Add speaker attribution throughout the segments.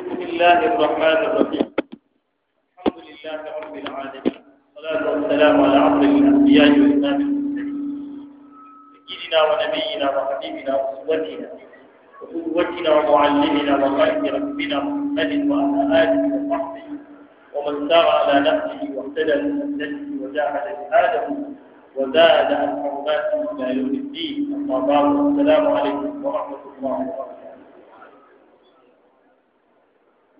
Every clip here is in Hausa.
Speaker 1: بسم الله الرحمن الرحيم الحمد لله رب العالمين والصلاة والسلام على عبد الأنبياء والإمام المرسلين سيدنا ونبينا وحبيبنا وأسوتنا وقوتنا ومعلمنا وقائد ربنا محمد وعلى آله وصحبه ومن سار على نفسه واهتدى بسنته وجاهد جهاده وزاد عن وبركاته إلى يوم الدين أما بعد السلام عليكم ورحمة الله وبركاته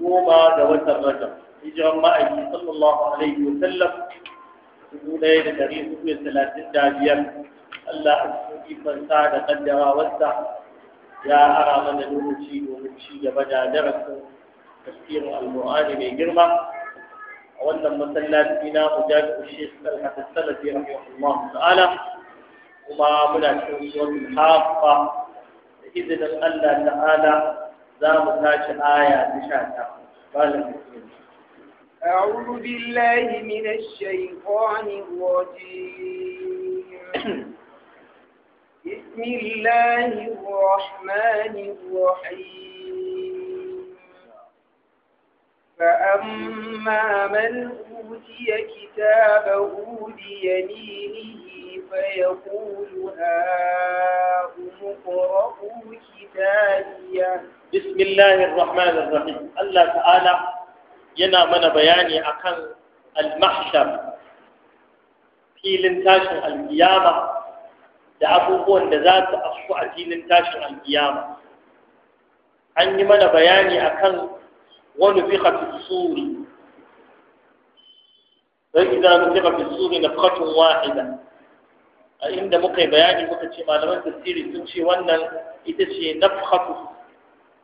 Speaker 1: goma ga watan Rajab hijiran ma'aiki sallallahu alaihi wa sallam dubu ɗaya da ɗari hudu da talatin da biyar Allah a cikin ikonsa da kaddarawarsa ya ara mana lokaci domin ci gaba da darasin tafsirin alƙur'ani mai girma a wannan masallaci na mujahidu shekh talhat salafi rahimahullah ta'ala kuma muna cikin suratul haqqa da izinin Allah ta'ala za mu tashi aya ta sha ta malam
Speaker 2: أعوذ بالله من الشيطان الرجيم بسم الله الرحمن الرحيم فأما من أوتي كتابه بيمينه فيقول هاؤم اقرءوا كتابيه بسم الله الرحمن الرحيم الله تعالى
Speaker 1: yana mana bayani akan al-mahshar filin tashin al-qiyama da abubuwan da za su afku a filin tashin al-qiyama an yi mana bayani akan ونفخ في الصور فإذا نفخ في الصور نفخة واحدة inda muka yi bayani muka ce malaman tasiri sun ce wannan ita ce nafkhatu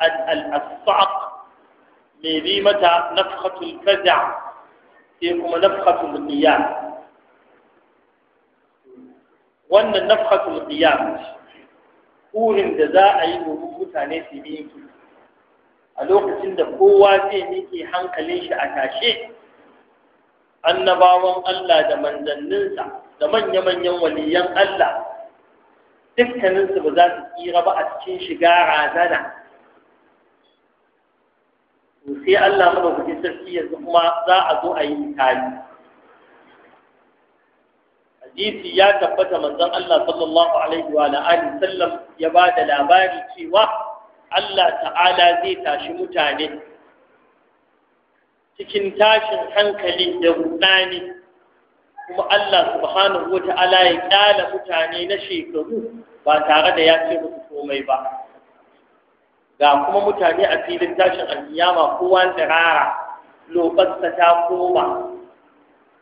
Speaker 1: al-asaq mai bi mata nafkhatu al sai kuma nafkhatu al wannan kurin da za a yi mutane su yi a lokacin da kowa zai miƙe hankalin shi a tashe annabawan Allah da manzanninsa da manya-manyan waliyan Allah dukkaninsu ba za su tsira ba a cikin shiga razana sai Allah madaukakin sarki yanzu kuma za a zo a yi misali hadisi ya tabbata manzon Allah sallallahu alaihi wa alihi sallam ya ba da labari cewa Allah ta'ala zai tashi mutane cikin tashin hankali da rudani kuma Allah subhanahu wata'ala ya kyala mutane na shekaru ba tare da ya ce musu komai ba ga kuma mutane a filin tashin alkiyama kowa rara, lobarsa ta koma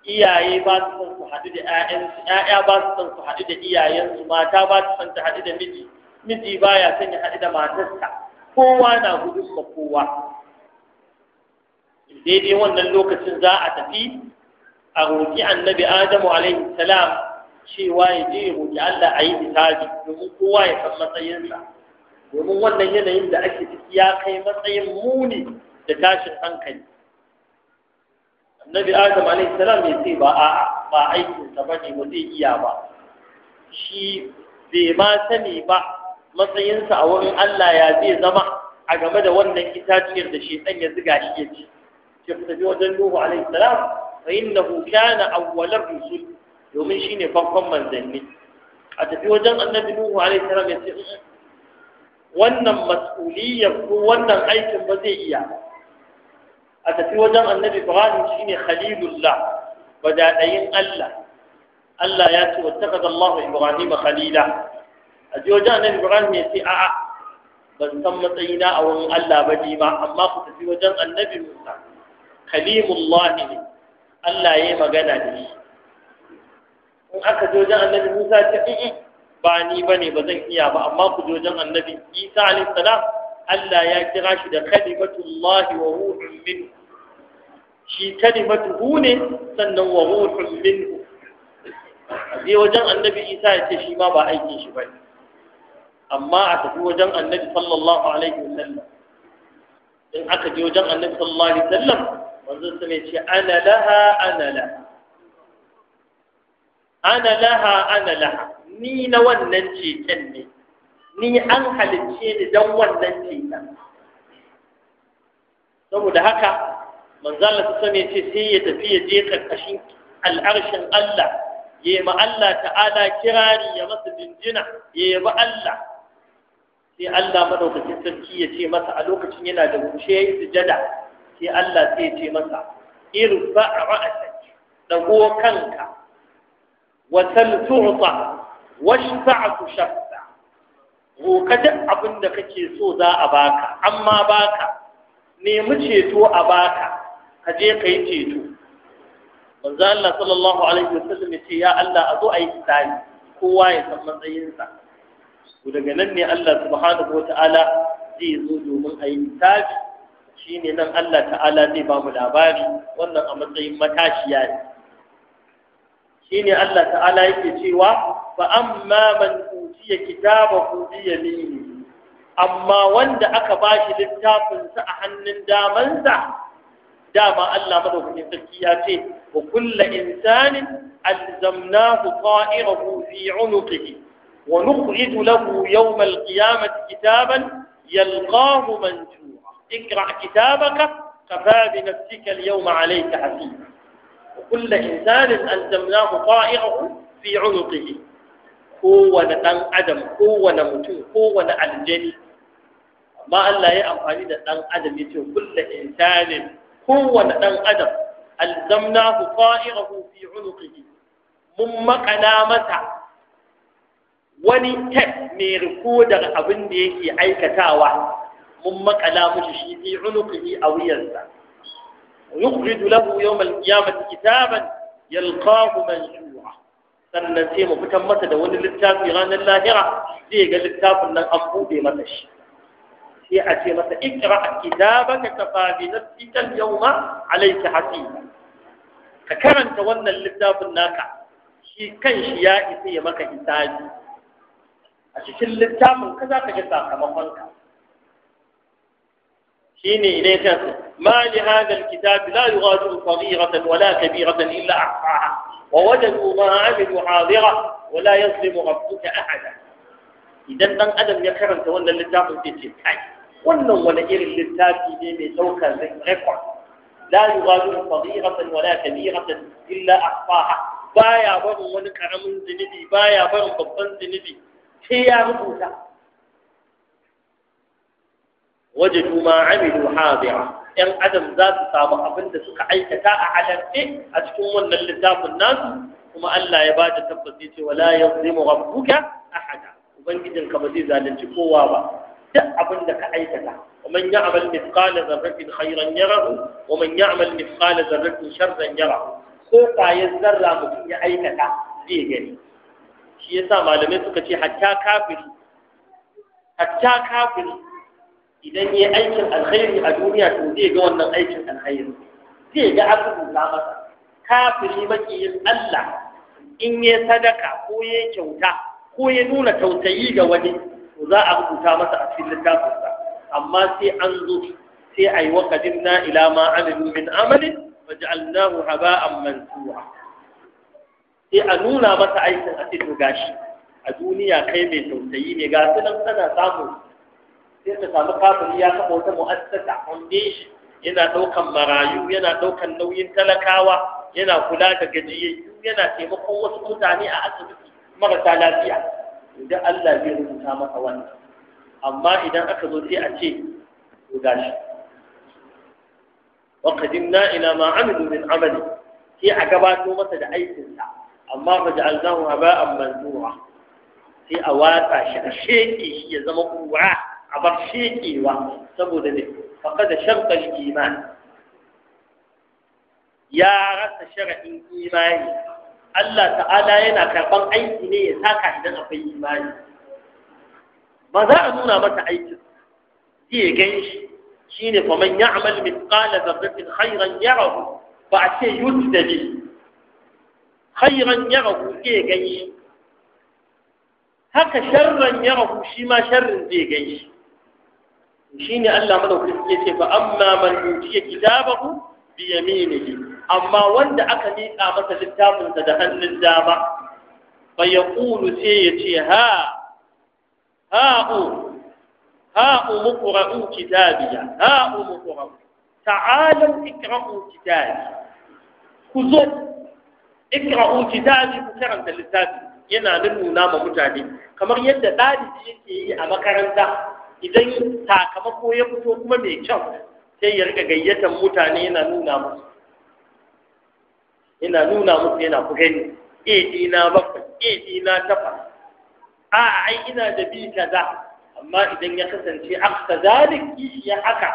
Speaker 1: iyaye ba su son su haɗu da ‘ya'yansu ‘ya'ya ba su san su haɗu da iyayensu mata ba su son su haɗu da miji miji baya ya sanya da matarsa kowa na gudu ma kowa daidai wannan lokacin za a tafi a roƙi annabi adamu alaihi salam cewa ya je ya roƙi Allah a yi misali domin kowa ya san matsayinsa domin wannan yanayin da ake ciki ya kai matsayin muni da tashin hankali annabi Adamu alaihi salam ya ce ba a'a ba aikinsa ba ne ba zai iya ba shi bai ma sani ba matsayinsa a wurin Allah ya zai zama a game da wannan itaciyar da shi, ya ziga shi ya ci ke tafi wajen Nuhu alaihi salam fa innahu kana awwalar rusul domin shine farkon manzanni a tafi wajen annabi Nuhu alaihi salam ya ce wannan mas'uliyar ko wannan aikin ba zai iya a tafi wajen annabi Ibrahim shine khalilullah badadayin Allah Allah ya ce wattakaza Allah Ibrahim khalila a ji wajen annabi ibrahim ya ce a'a ban san matsayina a wurin Allah ba ni ba amma ku tafi wajen annabi musa kalimullah ne Allah ya yi magana da shi in aka ji wajen annabi musa ce in ba ni ba ne ba zan iya ba amma ku ji wajen annabi isa alaihi Allah ya kira shi da kalimatullahi wa ruhun minhu shi kalimatuhu ne sannan wa ruhun minhu a wajen annabi isa ya ce shi ma ba aikin shi ba ne amma a tafi wajen annabi sallallahu alaihi wasallam in aka je wajen annabi sallallahu alaihi wasallam wanzan sa mai ce ana laha ana laha ana laha ana laha ni na wannan cecen ne ni an halicce ni don wannan cecen saboda haka manzala ta sani ce sai ya tafi ya je karkashin al'arshin Allah ya yi ma Allah ta'ala kirari ya masa jinjina ya yi ma Allah sai Allah madaukakin sarki ya ce masa a lokacin yana da rushe ya yi sujada sai Allah sai ya ce masa irfa ra'asak dago kanka wa sal tu'ta washfa'u shafa ka duk abin da kake so za a baka amma baka nemi ceto a baka ka je ka yi ceto manzo Allah sallallahu alaihi wasallam ya ce ya Allah a zo a yi tsari kowa ya san matsayinsa Ku daga nan ne Allah subhanahu wa ta'ala zai zo domin a yi littafi ne nan Allah ta'ala zai ba mu labari wannan a matsayin matashiya ne ne Allah ta'ala yake cewa fa amma man utiya kitabahu bi yaminihi amma wanda aka ba littafin sa a hannun damansa dama Allah madaukakin sarki ya ce wa kullu insanin alzamnahu ta'irahu fi 'unuqihi ونخرج له يوم القيامة كتابا يلقاه منشورا اقرأ كتابك كفى بنفسك اليوم عليك حسيبا وكل إنسان ألزمناه طائعه في عنقه هو دان أدم هو نمتون هو الجن ما ألا يأمحني دان أدم يتون كل إنسان هو دان أدم ألزمناه طائعه في عنقه مما قنامته wani tek mai rikodar abin da yake aikatawa mun makala mushi shi fi unuqihi a wuyansa yukhriju lahu yawm al-qiyamati kitaban yalqahu manshura sannan sai mu fitan masa da wani littafi ranar lahira zai ga littafin nan an bude masa shi sai a ce masa ikra kitabaka kafa bi nafsika al-yawma alayka hasiba ka karanta wannan littafin naka shi kanshi ya isa ya maka hisabi a cikin littafin ka za ka ga sakamakon ka shine idan ka ce ma li hada alkitab la yughadiru saghiratan wala kabiratan illa ahsaha wa wajadu ma amilu hadira wala yazlimu rabbuka ahada idan dan adam ya karanta wannan littafin sai ce kai wannan wani irin littafi ne mai daukar record la yughadiru saghiratan wala kabiratan illa ahsaha baya barin wani karamin zunubi baya barin babban zunubi sai ya rubuta wajadu ma amilu hadira ‘yan adam za su samu abin da suka aikata a halarce a cikin wannan littafin nasu kuma Allah ya ba da tabbaci cewa la yazlimu rabbuka ahada ka ba zai zalunci kowa ba duk abin da ka aikata ومن يعمل مثقال ذرة خيرا يره ومن يعمل مثقال ذرة شرا يره ko ƙwayar zarra mutum ya aikata zai shi yasa malamai suka ce hatta kafiri hatta kafiri idan yayi aikin alkhairi a duniya to zai ga wannan aikin alkhairi zai ga aka rubuta masa kafiri yin Allah in ya sadaka ko ya kyauta ko ya nuna tausayi ga wani to za a rubuta masa a cikin sa amma sai an zo sai ayi yi Naila ila ma amilu min amalin waj'alnahu haba'an mansura sai a nuna masa aikin a cikin gashi a duniya kai mai tausayi mai gasu nan tana samu sai ta samu kafin ya kafa wata mu'assasa foundation yana ɗaukan marayu yana ɗaukan nauyin talakawa yana kula da gajiyayyu yana taimakon wasu mutane a asibiti marasa lafiya idan Allah zai rubuta masa wannan amma idan aka zo sai a ce to gashi wa qadimna ila ma amilu min amali sai a gabato masa da aikinsa amma fa ja'alnahu haba'an mansura sai a watsa shi a sheke shi ya zama kura a bar shekewa saboda ne faqad sharqa al-iman ya rasa sharadin imani Allah ta'ala yana karɓar aiki ne ya saka idan akwai imani ba za a nuna masa aikin zai gan shi shine faman ya'mal mithqala dharratin hairan yarahu ba a ce yudda bihi khairan yarahu zai ganshi haka sharran yarahu shi ma sharrin zai shi. shine Allah madaukaki ya ce fa amma man utiya kitabahu bi yaminihi amma wanda aka miƙa masa littafinsa da hannun dama fa yaqulu sai ya ce ha ha! ha'u ha'u muqra'u kitabiya ha'u muqra'u ta'alu iqra'u kitabi ku zo ikra'u kitabi ku karanta littafi yana nuna ma mutane kamar yadda ɗalibi yake yi a makaranta idan sakamako ya fito kuma mai kyau sai ya riga gayyatar mutane yana nuna musu yana nuna musu yana ku gani e na bakwai e na tafa a ai ina da bi kaza amma idan ya kasance aksa zalik kishi ya haka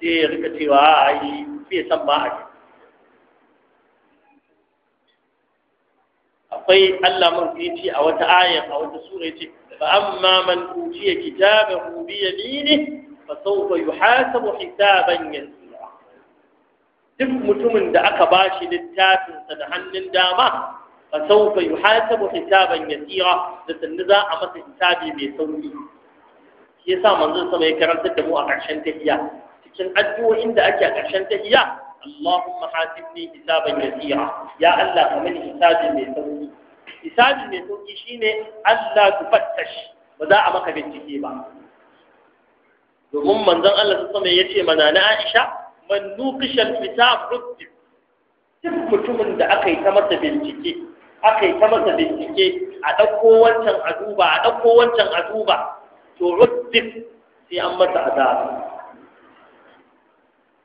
Speaker 1: sai ya riga cewa ai bai san ma a akwai Allah mun a wata aya a wata sura yace fa amma man utiya kitabahu bi yaminihi fa sawfa yuhasabu hisaban yasira duk mutumin da aka bashi littafin sa da hannun dama fa sawfa yuhasabu hisaban yasira da sanni za a masa hisabi mai sauki shi yasa manzon sama ya karantar da mu a ƙarshen tafiya cikin addu'o'in da ake a ƙarshen tahiyya Allahumma hasibni hisaban yasira ya Allah mani hisabi mai sauki hisabi mai sauki shine Allah ku fattash ba za a maka bincike ba domin manzon Allah sallallahu alaihi yace mana na Aisha man nuqishal hisab rutib duk mutumin da aka yi ta masa bincike aka yi ta masa bincike a ɗauko wancan a duba a ɗauko wancan a duba to rutib sai an masa azaba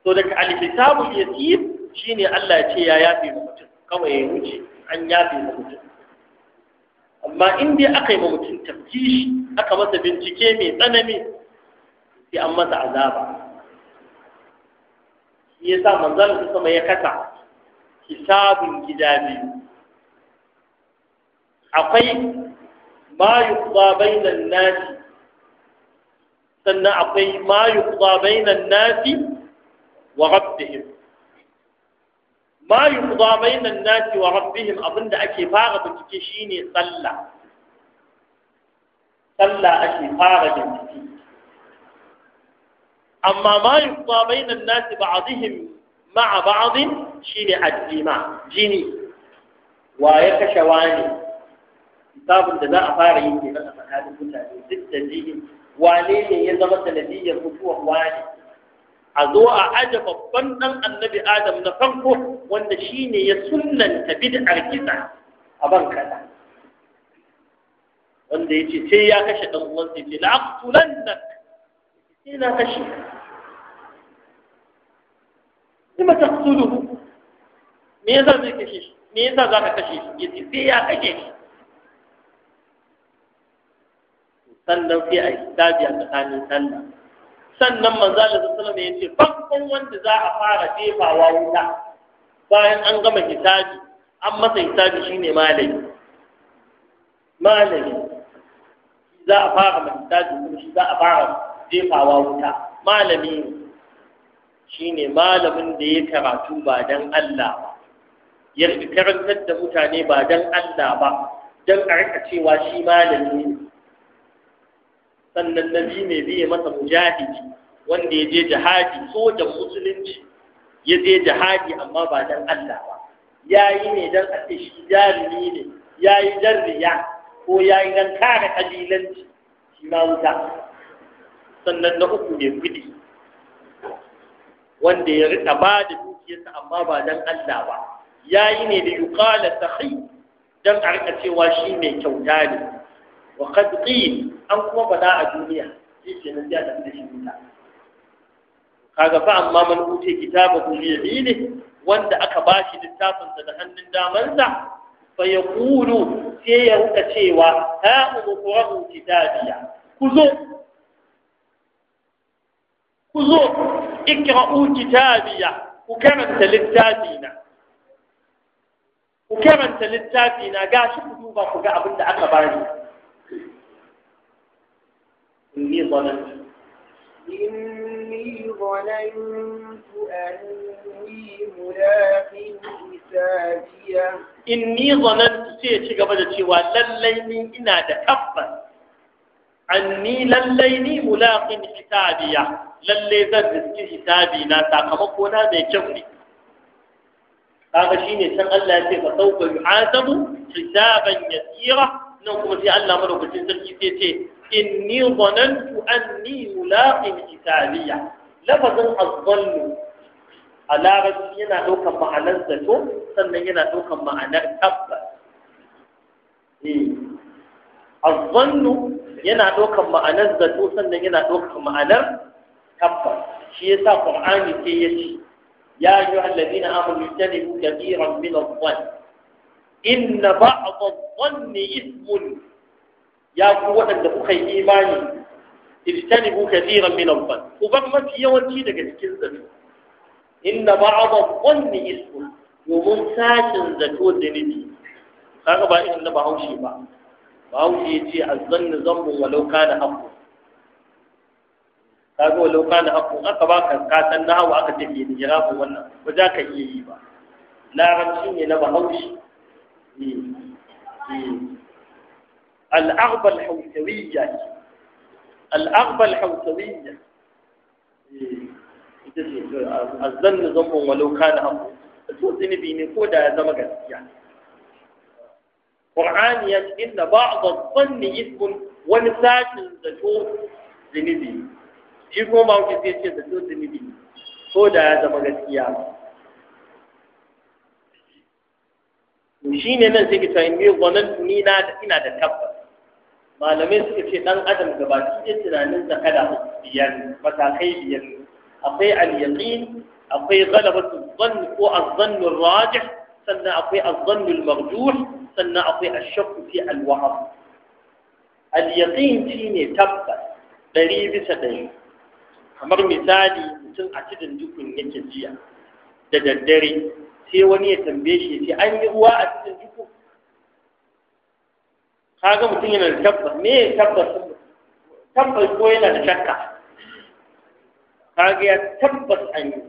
Speaker 1: so daga alkitabul yasir shine Allah ya ce ya yafe mu mutum kawai ya wuce an yafe mu mutum amma in dai aka yi ma mutum tafkishi aka masa bincike mai tsanani sai an masa azaba shi yasa manzon su sama ya kasa hisabun gida biyu akwai ma yuqda bainan nasi sannan akwai ma yuqda bainan nasi wa rabbihim ma yuqda bainan nasi wa rabbihim abinda ake fara bincike shine sallah sallah ake fara bincike amma ma yuqda bainan nasi ba'dihim ma'a ba'd shine addima jini wa ya kashe wani hisabin da a fara yin kenan a tsakanin wane ya zama sanadiyyar mutuwar a zo a aje babban dan annabi adam na farko wanda shine ya sunanta bid'ar kisa a ban kaza wanda ce sai ya kashe dan uwan sai la aqtulannak sai na kashe kuma taqtuluhu me yasa zai kashe shi me yasa zaka kashe shi yace sai ya kashe shi sannan sai a yi tabiya tsakanin sannan sannan manzo Allah sallallahu alaihi ce, farkon wanda za a fara jefawa wuta bayan an gama hisabi an masa hisabi shine malami malami za a fara mai hisabi kuma shi za a fara jefawa wuta malami shine malamin da ya karatu ba dan Allah ba ya karantar da mutane ba dan Allah ba dan a rika cewa shi malami ne sannan na biyu mai biye masa mujahidi wanda ya je jihadi sojan musulunci ya je jihadi amma ba dan Allah ba ya yi ne dan a shi jarumi ne ya yi jarriya, ko ya yi dan kare kabilanci shi ma wuta sannan na uku mai kudi wanda ya rika ba da dukiyarsa amma ba dan Allah ba ya yi ne da yuqala sahi dan a rika cewa shi mai kyauta ne wa qad qil an kuma faɗa a duniya shi ke nan ya tafi da shi duniya kaga fa amma man kitaba kitabahu bi ne wanda aka bashi littafin sa da hannun damansa fa yaqulu sai ya ruka cewa ha umqra'u kitabiya ku zo ku zo ikra'u kitabiya ku karanta littafina ku karanta littafina gashi ku duba ku ga abin da aka bari إني ظننت
Speaker 2: إني ظننت أني ملاق
Speaker 1: حسابية إني ظننت سيتي قبل تشيوى لليني إنا lallai ni mulaqin hisabiya lallai zan riski hisabi na sakamako na mai kyau ne kaga shine can Allah ya ce fa sawfa yuhasabu kuma sai Allah madaukakin sarki inni zanantu anni mulaqin italiya lafazin azzannu a larabci yana ɗaukar ma'anar zato sannan yana ɗaukar ma'anar tabbas Eh azzannu yana ɗaukar ma'anar zato sannan yana ɗaukar ma'anar tabbas shi yasa qur'ani sai ya ce ya ayyuhal ladina amanu tanibu kabiran min adh-dhann inna ba'd adh-dhanni ithmun ya ku waɗanda kuka yi imani ku kathiran min al-dhann ku ban mafi yawanci daga cikin zato inna ba'd al ismu ismun domin sashin zato da nabi kaga ba irin na bahaushe ba bahaushe ya ce azzannu zammu walau kana haqqu kaga walau kana haqqu aka baka kasan hawa aka ce ke jirafin wannan ba za ka iya yi ba larabci ne na bahaushe eh, eh. الأغبى الحوثوية الأغبى الحوثوية الظن ظن ولو كان أمر الفوز نبي نقود هذا مجال يعني قرآن إن بعض الظن إثم ونساك الزجور زنبي إثم ما هو كثير شيء الزجور ذنبي قود هذا مجال يعني وشين أنا زي كتير إني ظننت إني أنا أنا تكبر malamai suka ce dan adam gaba ɗaya tunanin sa kada biyar matakai biyar akwai al-yaqin akwai ghalabatu dhann ko az-dhann ar-rajih sannan akwai az-dhann al-marjuh sannan akwai ash-shakk fi al-wahm al-yaqin shine tabbas dari bisa dari kamar misali mutum a cikin dukun yake jiya da daddare sai wani ya tambaye shi sai an yi ruwa a cikin dukun kaga mutum yana da tabbas me ya tabbas tabbas ko yana da shakka kaga ya tabbas an yi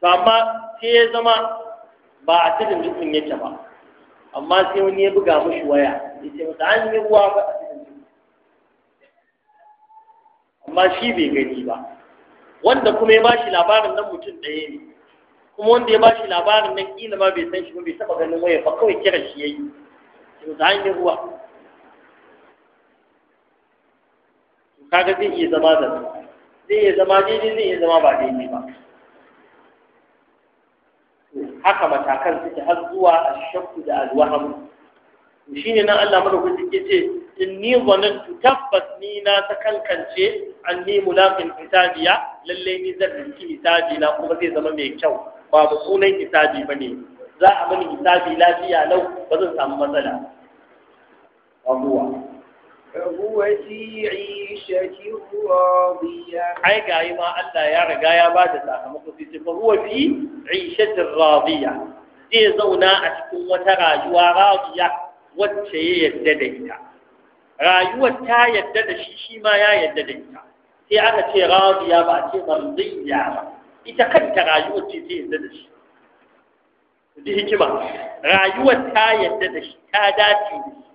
Speaker 1: to amma sai ya zama ba a cikin dukkan yadda ba amma sai wani ya buga mushi waya ya ce masa an yi ruwa ba a cikin amma shi bai gani ba wanda kuma ya bashi labarin nan mutum ɗaya ne kuma wanda ya ba shi labarin nan kila ma bai san shi ba bai taba ganin waya ba kawai kira shi yayi to da hanyar ruwa kaga zai iya zama da zai iya zama daidai zai iya zama ba daidai ba haka matakan suke har zuwa a shakku da alwahamu shi ne nan Allah madaukaki ke ce in inni zanantu tabbas ni na ta kankance ni mulaqin hisabiya lalle ni zan rinki hisabi na kuma zai zama mai kyau ba mu sunan hisabi ba ne za a mani hisabi lafiya lau ba zan samu matsala abuwa
Speaker 2: فهو في عيشة ma
Speaker 1: Allah ya riga ya ba da يا بعد ساكمك فهو fi عيشة راضية zai zauna a cikin wata rayuwa rawiya wacce ya yadda da ita rayuwar ta yadda da shi shi ma ya yadda da ita sai aka ce rawiya ba ce marziya ba ita kanta rayuwar ce ta yadda da shi da hikima rayuwar ta yadda da shi ta dace da shi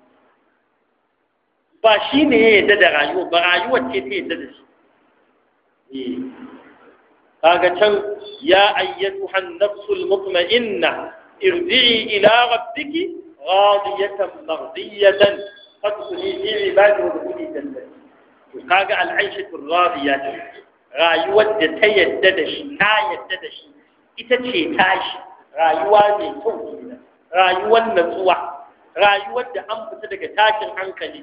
Speaker 1: ba shi ne ya yadda da rayuwar ba rayuwar ce ta yadda da shi kaga can ya ayyatuha an-nafsul mutma'inna irji'i ila rabbiki radiyatan mardiyatan fadkhuli fi ibadi wa dkhuli jannati kaga al-aishatu ar-radiyah rayuwar da ta yadda da shi ta yadda da shi ita ce tashi rayuwa mai kyau kenan rayuwar natsuwa rayuwar da an fita daga tashin hankali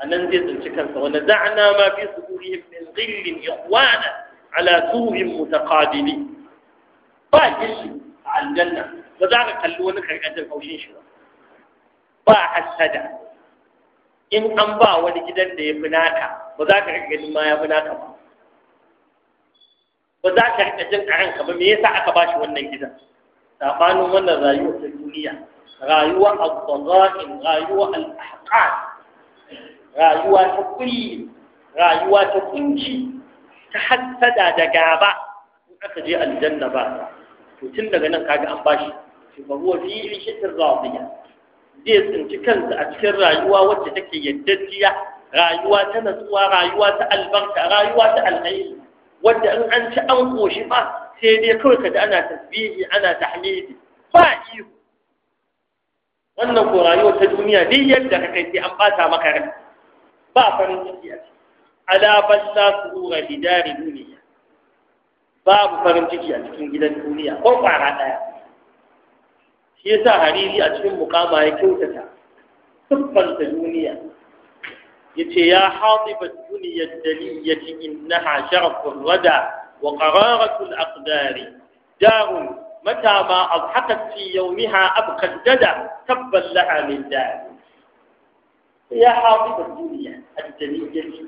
Speaker 1: a nan zai tsinci kansa wani za'ana ma fi suhurihim min zillin ikhwana ala suhurin mutaqabili ba gilli a aljanna ba za ka kalli wani karkatar haushin shi ba ba hasada in an ba wani gidan da ya fi naka ba za ka ganin ma ya fi naka ba ba za ka rika jin a ranka ba me yasa aka ba shi wannan gidan sabanin wannan rayuwar ta duniya rayuwa al-dharain rayuwa
Speaker 2: al-ahqan
Speaker 1: rayuwa ta kulli rayuwa ta kunci ta hassada da gaba in aka je aljanna ba to tun daga nan kaga an bashi shi ba huwa fi shitin radiya zai tsinci kansa a cikin rayuwa wacce take yaddajjiya rayuwa ta natsuwa rayuwa ta albarka rayuwa ta alkhairi wanda in an ci an koshi ba sai dai kawai kada ana tasbihi ana tahmidi ba iyo
Speaker 2: wannan ko rayuwar
Speaker 1: ta duniya ne yadda kake kai sai an bata maka rai ba farin ciki a ciki ala balla surura bidari duniya babu farin ciki a cikin gidan duniya ko kwara daya shi yasa hariri a cikin mukama ya kyautata ta duniya yace ya hatibat dunya daliyati innaha sharafur rada wa qararatul aqdari mata ma ما أضحكت في يومها أبقى الددى تبا لها من دار يا حاطب الدنيا الدنيا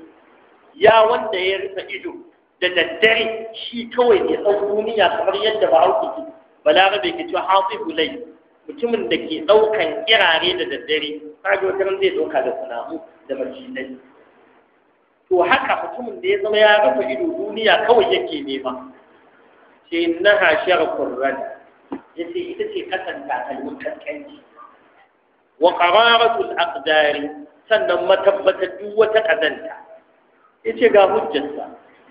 Speaker 1: يا وند يرف إجو ددري شي كوي ne ɗan duniya kamar yadda ba auki ki balaga bai ke hatibu lai mutumin da ke ɗaukan kirare da daddare kaga wata zai ɗauka da sunamu da majinai to haka mutumin da ya zama ya rufe ido duniya kawai yake nema ce na hashiyar kurran ya ce ita ce kasan takalmin kankanci? wa qararatul aqdari sannan matabbatar duk wata kazanta yace ga hujjarsa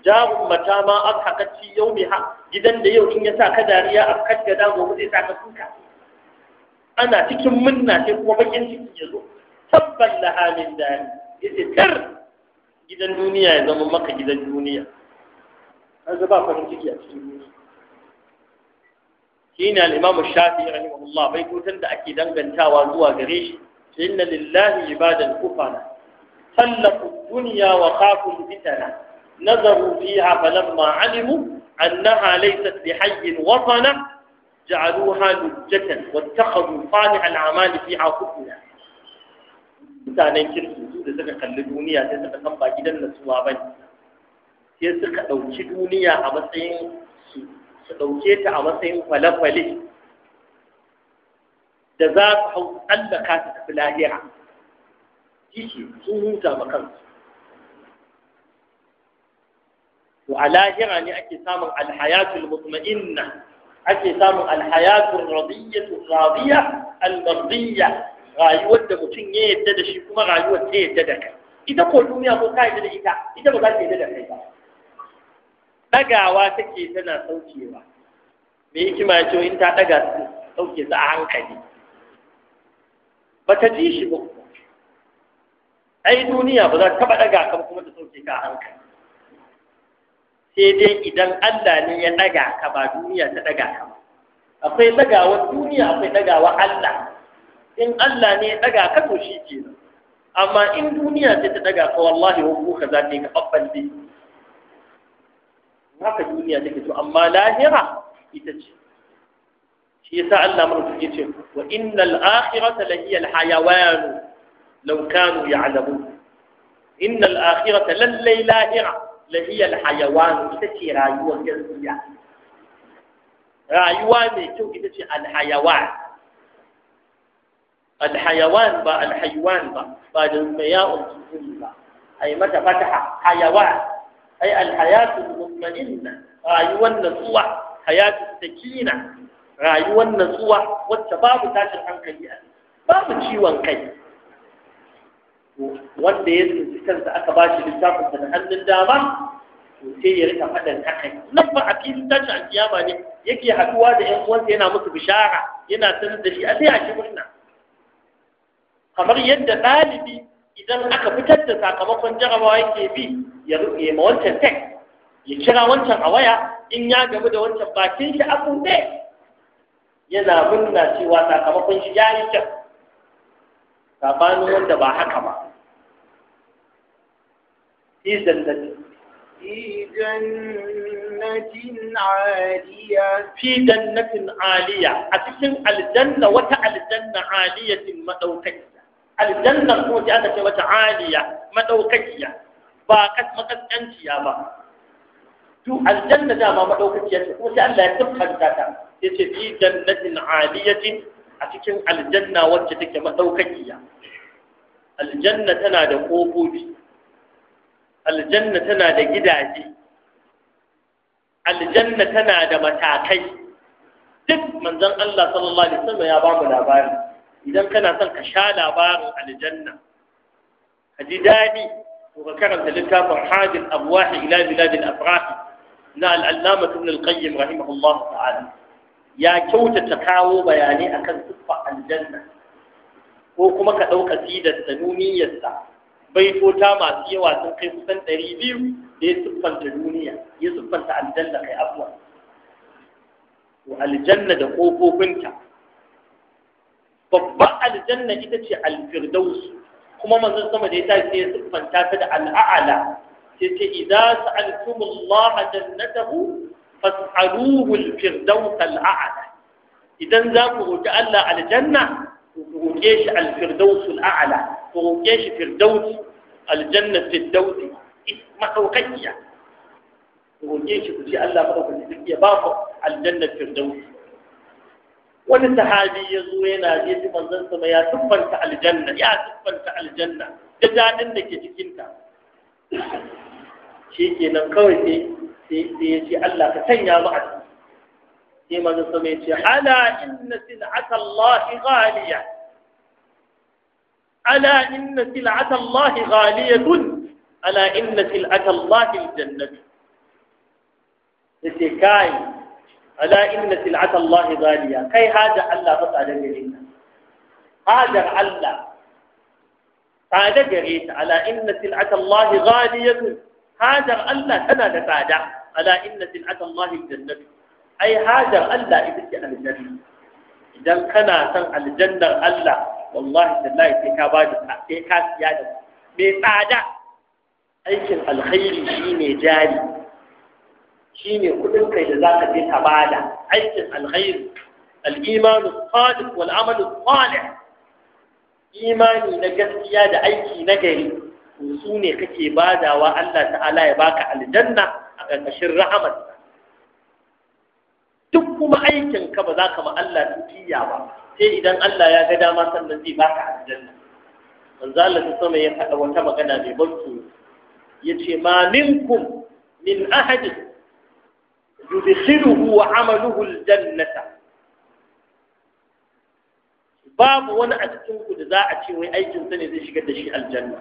Speaker 1: jarun mata ma akakacci ha, gidan da yau in ya sa ka dariya a kaddada gobe zai sa ka ana cikin munna sai kuma bakin ciki ya zo تبا لها من ذلك إذا تر إذا الدنيا إذا ما مقى إذا الدنيا هذا بقى فهم تجي أكسين هنا الإمام الشافعي رحمه الله بيقول تند أكيد أن بنتا وزوى قريش إن لله عبادا كفانا خلقوا الدنيا وخافوا الفتنة نظروا فيها فلما علموا أنها ليست بحي وطنة جعلوها لجة واتخذوا صالح الأعمال فيها كفنا mutanen kirki su da suka kalli duniya sai suka san ba gidan nasuwa ba ne sai suka ɗauki duniya a matsayin su su ɗauke ta a matsayin kwale-kwale da za su hau tsallaka su tafi lahira kishi sun huta ma kansu to a lahira ne ake samun alhayatul mutma'inna ake samun alhayatul radiyatu radiya al-mardiyya rayuwar da mutum ya yadda da shi kuma rayuwar ta yadda da kai ita ko duniya ko ka yadda da ita ita ba za ta yadda da kai ba ɗagawa take tana saukewa me yake ma yace in ta ɗaga su sauke su a hankali ba ta ji shi ba ai duniya ba za ta taba ɗaga kan kuma ta sauke ka a hankali sai dai idan Allah ne ya ɗaga ka ba duniya ta ɗaga ka ba akwai ɗagawa duniya akwai ɗagawa Allah in Allah ne ya daga ka to shi kenan amma in duniya ce ta daga ka wallahi wa ka za ta yi ka babballe haka duniya take to amma lahira ita ce shi yasa Allah mun ya ce wa innal akhirata la hiya al hayawan law kanu ya'lamun innal akhirata lallai lahira la hiya al hayawan ita ce rayuwar gaskiya rayuwa mai kyau ita ce al hayawan alhayawan ba alhayawan ba ba da ya'un sukuni ba ai mata fataha hayawan ai alhayatul mutma'inna rayuwar natsuwa hayatul sakina rayuwar natsuwa wacce babu tashin hankali a babu ciwon kai wanda ya tsinci kansa aka ba shi littafin hannun dama to sai ya rika faɗin nan ba a filin tashin alkiyama ne yake haɗuwa da ƴan uwansa yana musu bishara yana sanar da shi a sai a shi murna kamar yadda ɗalibi idan aka fitar da sakamakon jarabawa yake bi ya rufe ma wancan tek ya kira wancan a waya in ya gamu da wancan bakin shi a yana murna cewa sakamakon shi ya yi kyau sabanin wanda ba haka ba fi جنة
Speaker 2: في جنة عالية
Speaker 1: في جنة aljanna أتسم الجنة وتع الجنة Aljanna kuma sai aka ce mata aliya madaukakiya ba kas makaskanciya ba to aljanna dama madaukakiya ce kuma sai Allah ya tabbata ta yace fi jannatin aliyatin a cikin aljanna wacce take madaukakiya aljanna tana da kofofi aljanna tana da gidaje aljanna tana da matakai duk manzon Allah sallallahu alaihi wasallam ya ba mu labari idan kana son ka sha labarin aljanna ka ji daɗi to ka karanta littafin hajjin abuwahi ila biladil afrahi na al'allama ibn al-qayyim rahimahullah ta'ala ya kyautata kawo bayanai akan siffa aljanna ko kuma ka ɗauka sidar da numiyarsa baitota masu yawa sun kai kusan ɗari biyu da ya siffanta duniya ya siffanta aljanna kai abuwa to aljanna da ƙofofinta babban aljanna ita ce alfirdaus kuma manzon sama da ya tashi ya siffanta ta da al'a'ala sai ce idan idza sa'altumullah jannatahu fas'aluhu alfirdaus al'a'ala idan za ku roki Allah aljanna ku roke shi alfirdaus al'a'ala ku roke shi firdaus aljanna firdausi masaukakiya ku roke shi ku ce Allah madaukakin sarki ya ba ku aljanna firdausi wani sahabi ya zo yana ya ji manzon sama ya tuffanta aljanna ya tuffanta aljanna da dadin da ke cikin ta shikenan kawai sai sai ya ce Allah ka sanya mu a sai manzon sama ya ce ala inna sil'ata Allah ghaliya ala inna sil'ata Allah ghaliyatun ala inna sil'ata Allah aljannah yace kai ala inna sil'ata Allah ghaliya kai haja Allah fa tsada gare ta hajar Allah tsada gare ta ala inna sil'ata Allah ghaliyatun hajar Allah tana da tsada ala inna sil'ata Allah jannatu ai hajar Allah ita ce aljanna idan kana son aljannar Allah wallahi tallahi sai ka ba da sai tsada aikin alkhairi shine jari Shi ne kudin kai da zaka je ka bada aikin alkhairi da aikin as-sadiq wal imani na gaskiya da aiki na gari su ne kake badawa Allah ta'ala ya baka aljanna a ƙarƙashin rahamarsa duk kuma aikin ka ba za ka ma Allah tukiya ba sai idan Allah ya ga dama sannan zai baka aljanna manzo Allah ta sama ya faɗa wata magana mai ban Ya ce ma minkum min ahadin yudkhiluhu wa amaluhu aljannata babu wani a ku da za a ce wai aikin sa ne zai shigar da shi aljanna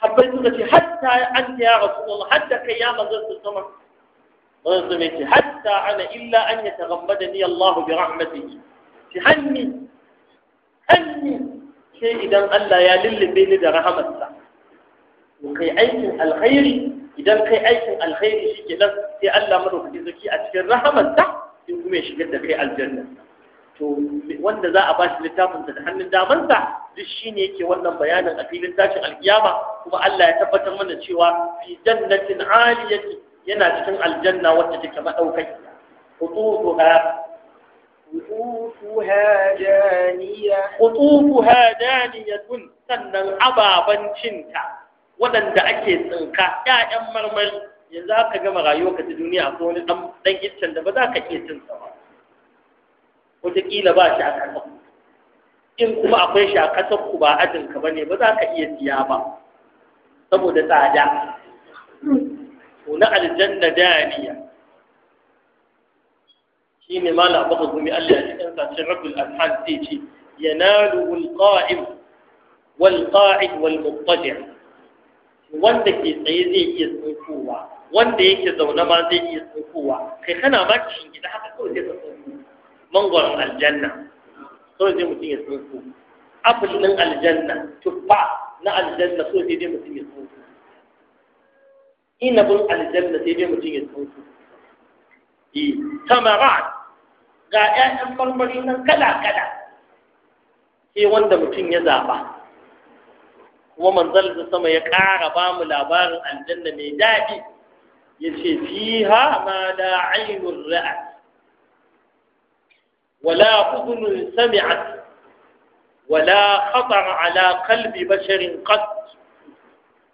Speaker 1: habbai suka ce hatta anta ya rasulullah hatta kai ya manzon sama manzon sama ce hatta ana illa an yataghammadani Allah bi rahmatihi ci hanni hanni sai idan Allah ya lullube ni da rahamarsa to aikin alkhairi idan kai aikin alkhairi shi ke nan sai Allah madaukaki zaki a cikin rahamarsa sai kuma ya shigar da kai aljanna to wanda za a bashi littafinsa da hannun damansa duk shine yake wannan bayanin a filin tashin alkiyama kuma Allah ya tabbatar mana cewa fi jannatin aliyati yana cikin aljanna wacce take madaukaki qututuha
Speaker 2: qututuha daniya
Speaker 1: qututuha sannan ababan waɗanda ake tsinka ƴaƴan marmari yanzu haka gama ka ta duniya ko wani ɗan ɗan iccen da ba za ka iya cin sa ba wataƙila ba shi a ƙasar in kuma akwai shi a ƙasar ku ba ajinka ba ne ba za ka iya siya ba saboda tsada to na aljanna daniya shine mala abu gumi Allah ya cikin sashen rabbul alhan sai ce yanalu alqa'im والقاعد والمضطجع wanda ke tsaye zai iya tsokowa wanda yake zaune ma zai iya tsokowa kai kana ma kishin gida haka kawai zai tsoko tsinko mangwaron aljanna kawai zai mutum ya tsoko apple aljanna tuffa na aljanna so zai dai mutum ya tsinko inabin aljanna sai dai mutum ya tsoko eh tamarat ga 'ya'yan marmari nan kala kala sai wanda mutum ya zaɓa kuma manzal da sama ya ƙara ba mu labarin aljanna mai daɗi ya ce fiha ma da ainun ra'at wala udunun sami'at wala khatar ala qalbi basharin qat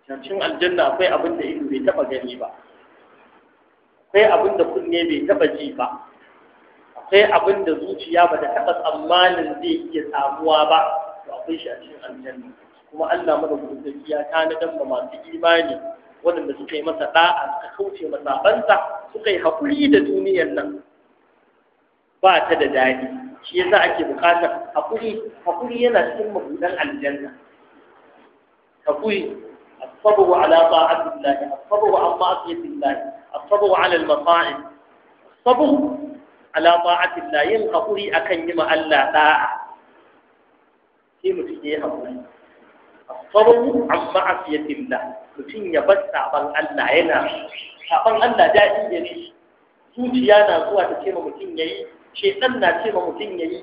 Speaker 1: cikin aljanna akwai abin da ido bai taɓa gani ba akwai abin da kunne bai taɓa ji ba akwai abin da zuciya ba ta taba tsammanin zai iya samuwa ba to akwai shi a cikin aljanna kuma Allah madaukakin sarki ya na ma masu imani waɗanda suka yi masa ɗa'a, suka kauce masabansa suka yi haƙuri da duniyar nan ba ta da daɗi shi yasa ake buƙatar haƙuri haƙuri yana cikin mabudan aljanna haƙuri الصبر على طاعة الله الصبر عن معصية الله الصبر على المصائب الصبر على طاعة الله yin haƙuri akan yi ma Allah ɗa'a, sai mutum ya yi haƙuri asfaru an ma'asiyatillah mutum ya bar saban Allah yana saban Allah daɗi ya ne zuciya na zuwa ta ce ma mutum ya yi shaitan na ce ma mutum ya yi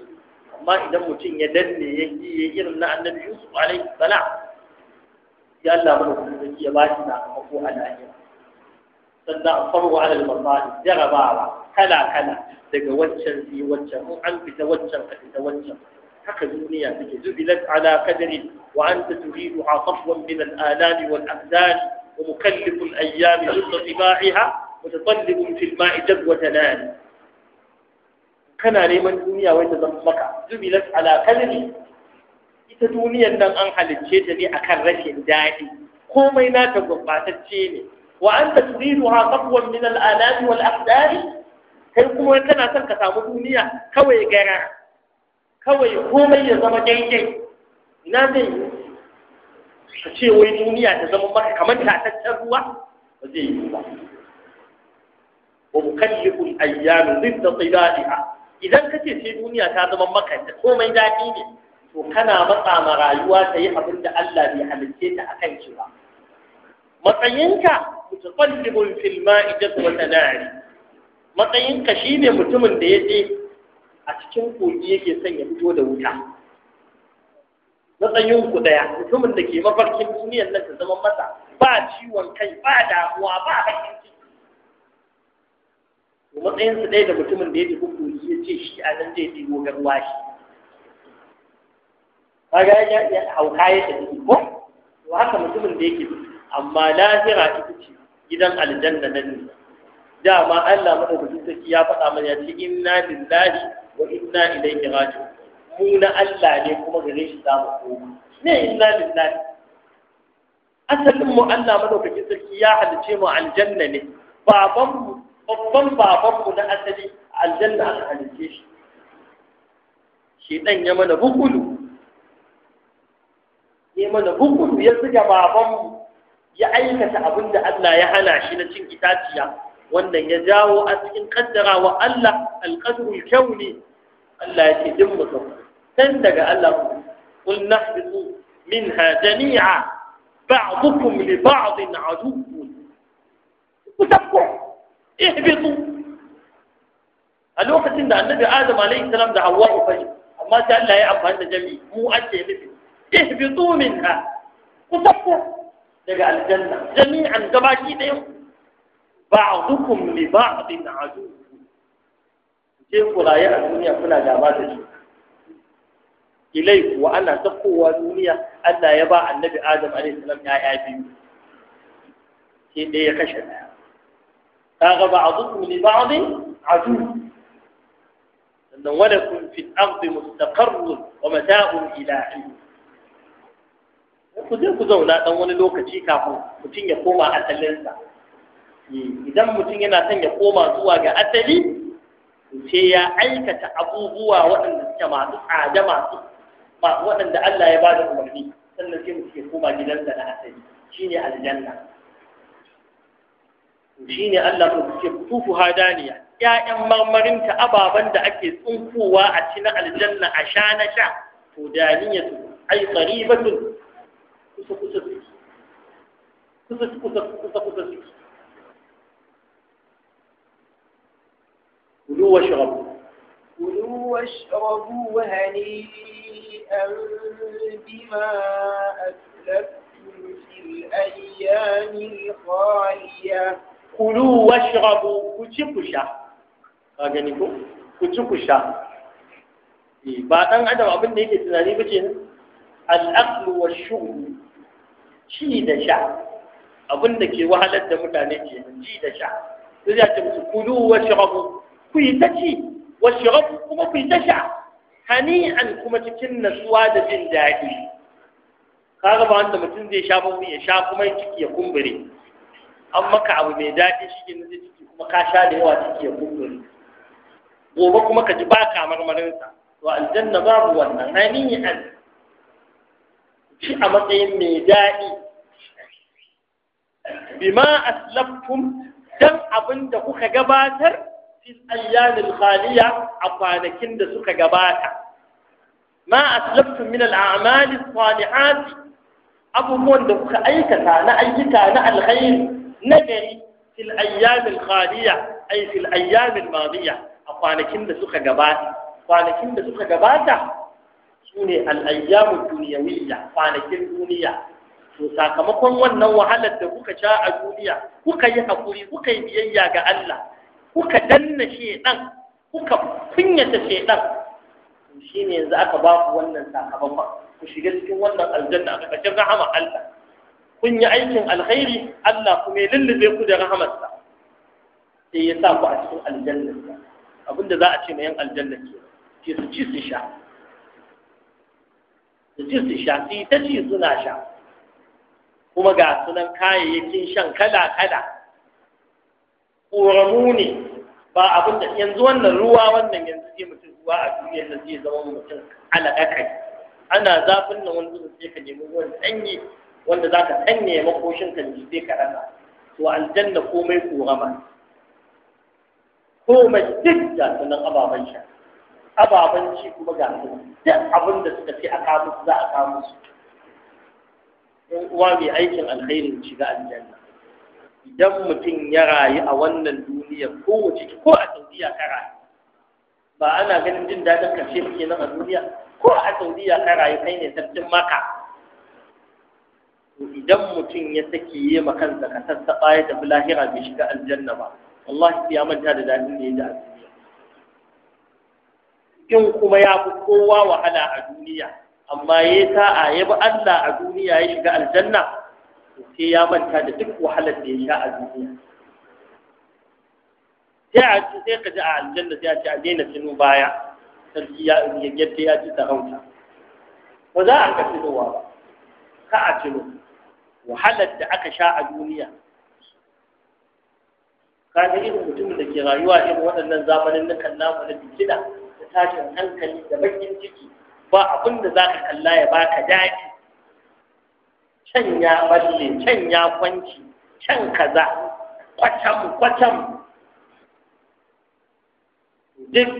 Speaker 1: amma idan mutum ya danne ya yi irin na annabi Yusuf alaihi salam ya Allah mana kuma zaki ya bashi sakamako a lahira sannan an farwa ala al-masali jarabawa kala kala daga waccan sai waccan an fita waccan a fita waccan haka duniya take zubilat ala kadari wa anta turidu atafwan min al-alami wal ahzan wa mukallif al-ayyam bi tiba'iha wa tatallib fi al-ma'i jadwa tanan kana neman duniya wai ta zama maka zubilat ala kadari ita duniyar nan an halicce ta ne akan rashin daɗi komai nata gurbatacce ne wa anta turiduha safwan min al-alami wal aqdari kai kuma kana son ka samu duniya kawai gara kawai komai ya zama daidai ina zai yi ka ce wai duniya ta zama maka kamar tataccen ruwa ba zai yi ba wa mukallikul ayyamu zidda tsidadiha idan ka ce sai duniya ta zama maka da komai daɗi ne to kana matsa ma rayuwa ta yi abin da Allah bai halicce ta akan shi ba matsayinka mutaqallibun fil ma'idati wa tanari matsayinka shine mutumin da ya je a cikin kogi yake son ya fito da wuta matsayin ku daya mutumin da ke mafarkin duniyar nan ta zama masa ba ciwon kai ba damuwa ba bakin ciki to matsayin su dai da mutumin da ya tafi kogi ya ce shi a nan zai ɗigo garwa shi kaga ya hauka ya tafi ko to haka mutumin da yake amma lahira ita ce gidan aljanna nan ne dama Allah madaukakin sarki ya faɗa mana ya ce inna lillahi wa inna ilaihi raji'un mu na Allah ne kuma gare shi za mu koma ne inna lillahi asalin mu Allah madaukakin sarki ya halice mu aljanna ne baban mu babban baban mu na asali aljanna aka halice shi shi dan ya mana bukulu ya mana bukulu ya zuga baban mu ya aikata abin da Allah ya hana shi na cin itaciya wannan ya jawo a cikin kaddara wa Allah alqadrul kauni Allah yake ce din mutum san daga Allah kun nahbitu minha jami'a ba'dukum li ba'din aduwwun kutabku ihbitu a lokacin da annabi Adam alayhi salam da Hawwa fa amma sai Allah ya amfani da jami'i mu ace mutu ihbitu minha kutabku daga aljanna jami'an gabaki dayan ba'dukum li ba'din adu je ku rayu a duniya kuna gaba da shi ilai kuwa ana ta kowa duniya Allah ya ba annabi Adam alaihi salam ya'ya biyu sai ɗaya ya kashe ɗaya kaga ba'dukum li ba'din adu sannan walakum fil ardi mustaqarrun wa mata'un ila hin ku je ku zauna dan wani lokaci kafin mutum ya koma asalinsa idan mutum yana son ya koma zuwa ga asali sai ya aikata abubuwa waɗanda suke masu tsada masu waɗanda Allah ya ba da umarni sannan sai mutum ya koma gidansa na asali shine aljanna shine Allah ko ce kufu hadaniya ƴaƴan marmarinta ababen da ake tsunkowa a cikin aljanna a sha na sha to daniyatu ai qaribatun kusa kusa kusa kusa kusa kusa كلوا
Speaker 2: واشربوا كلوا واشربوا هنيئا بما أسلفتم في الأيام الخالية كلوا واشربوا كتبشا
Speaker 1: أغنيكم كتبشا باتن عدم أبن نيك سنالي بجن الأقل والشغل شيء ده شا أبن نكي وحلت ده مدانيك جيد شا تزيح تبسو كلوا ku ta ci wa shirab kuma ku ta sha hani'an kuma cikin natsuwa da jin daɗi kaga ba wanda mutum zai sha ba ya sha kuma ciki ya kumbure an maka abu mai daɗi shi ne zai ciki kuma ka sha da yawa ciki ya kumbure gobe kuma ka ji baka marmarinsa to aljanna babu wannan hani'an shi a matsayin mai daɗi bima aslaftum dan abin da kuka gabatar fi ayyamin khaliya a kwanakin da suka gabata ma aslaftum min amali salihat abubuwan da kuka aikata na ayyuka na alkhairi na gari fil ayyamin khaliya ay fil madiya a kwanakin da suka gabata kwanakin da suka gabata sune al'ayyamun duniyawiyya kwanakin duniya to sakamakon wannan wahalar da kuka sha a duniya kuka yi hakuri kuka yi biyayya ga Allah kuka danna shedan kuka kunyata shedan to ne yanzu aka ba ku wannan sakamakon ku shiga cikin wannan aljanna a ƙarƙashin rahama Allah kun yi aikin alkhairi Allah kuma ya lullube ku da rahamarsa sai ya sa ku a cikin aljanna abinda za a ce mai yan aljanna ke ke su ci su sha su ci su sha su yi ta ci suna sha kuma ga sunan kayayyakin shan kala kala ƙoramu ne ba abin da yanzu wannan ruwa wannan yanzu sai mutum ruwa a duniyar da zai zama mutum alaƙaƙai ana zafin nan wanzu da sai ka nemi ruwan sanyi wanda za ka sanya makoshin ka ne sai ka rana to aljanna komai ƙorama komai duk da sunan ababen sha ababen ci kuma ga su duk abin da suka ce a kawo za a kawo su uwa mai aikin alkhairin shiga aljanna idan mutum ya rayu a wannan duniya ko wace ko a saudiya ka rayu ba ana ganin jin daɗin karshe suke nan a duniya ko a saudiya ka rayu kai ne sarkin maka idan mutum ya sake yi ma kansa ka sassaɓa ya tafi lahira bai shiga aljanna ba wallahi ya manta da daɗin da ya ji a duniya in kuma ya fi kowa wahala a duniya amma ya sa'a ya bi Allah a duniya ya shiga aljanna sai ya manta da duk wahalar da ya sha a duniya sai a ce sai ka ji a aljanna sai a ce a daina tuno baya sarki ya yadda ya ci sarauta ba za a ka tunowa ba ka a tuno wahalar da aka sha a duniya ka ga irin mutumin da ke rayuwa irin waɗannan zamanin na kalla mu na bikida da tashin hankali da bakin ciki ba abin da za ka kalla ya baka daɗi can ya ɓalle, can ya kwanci can kaza kwatam kwatam duk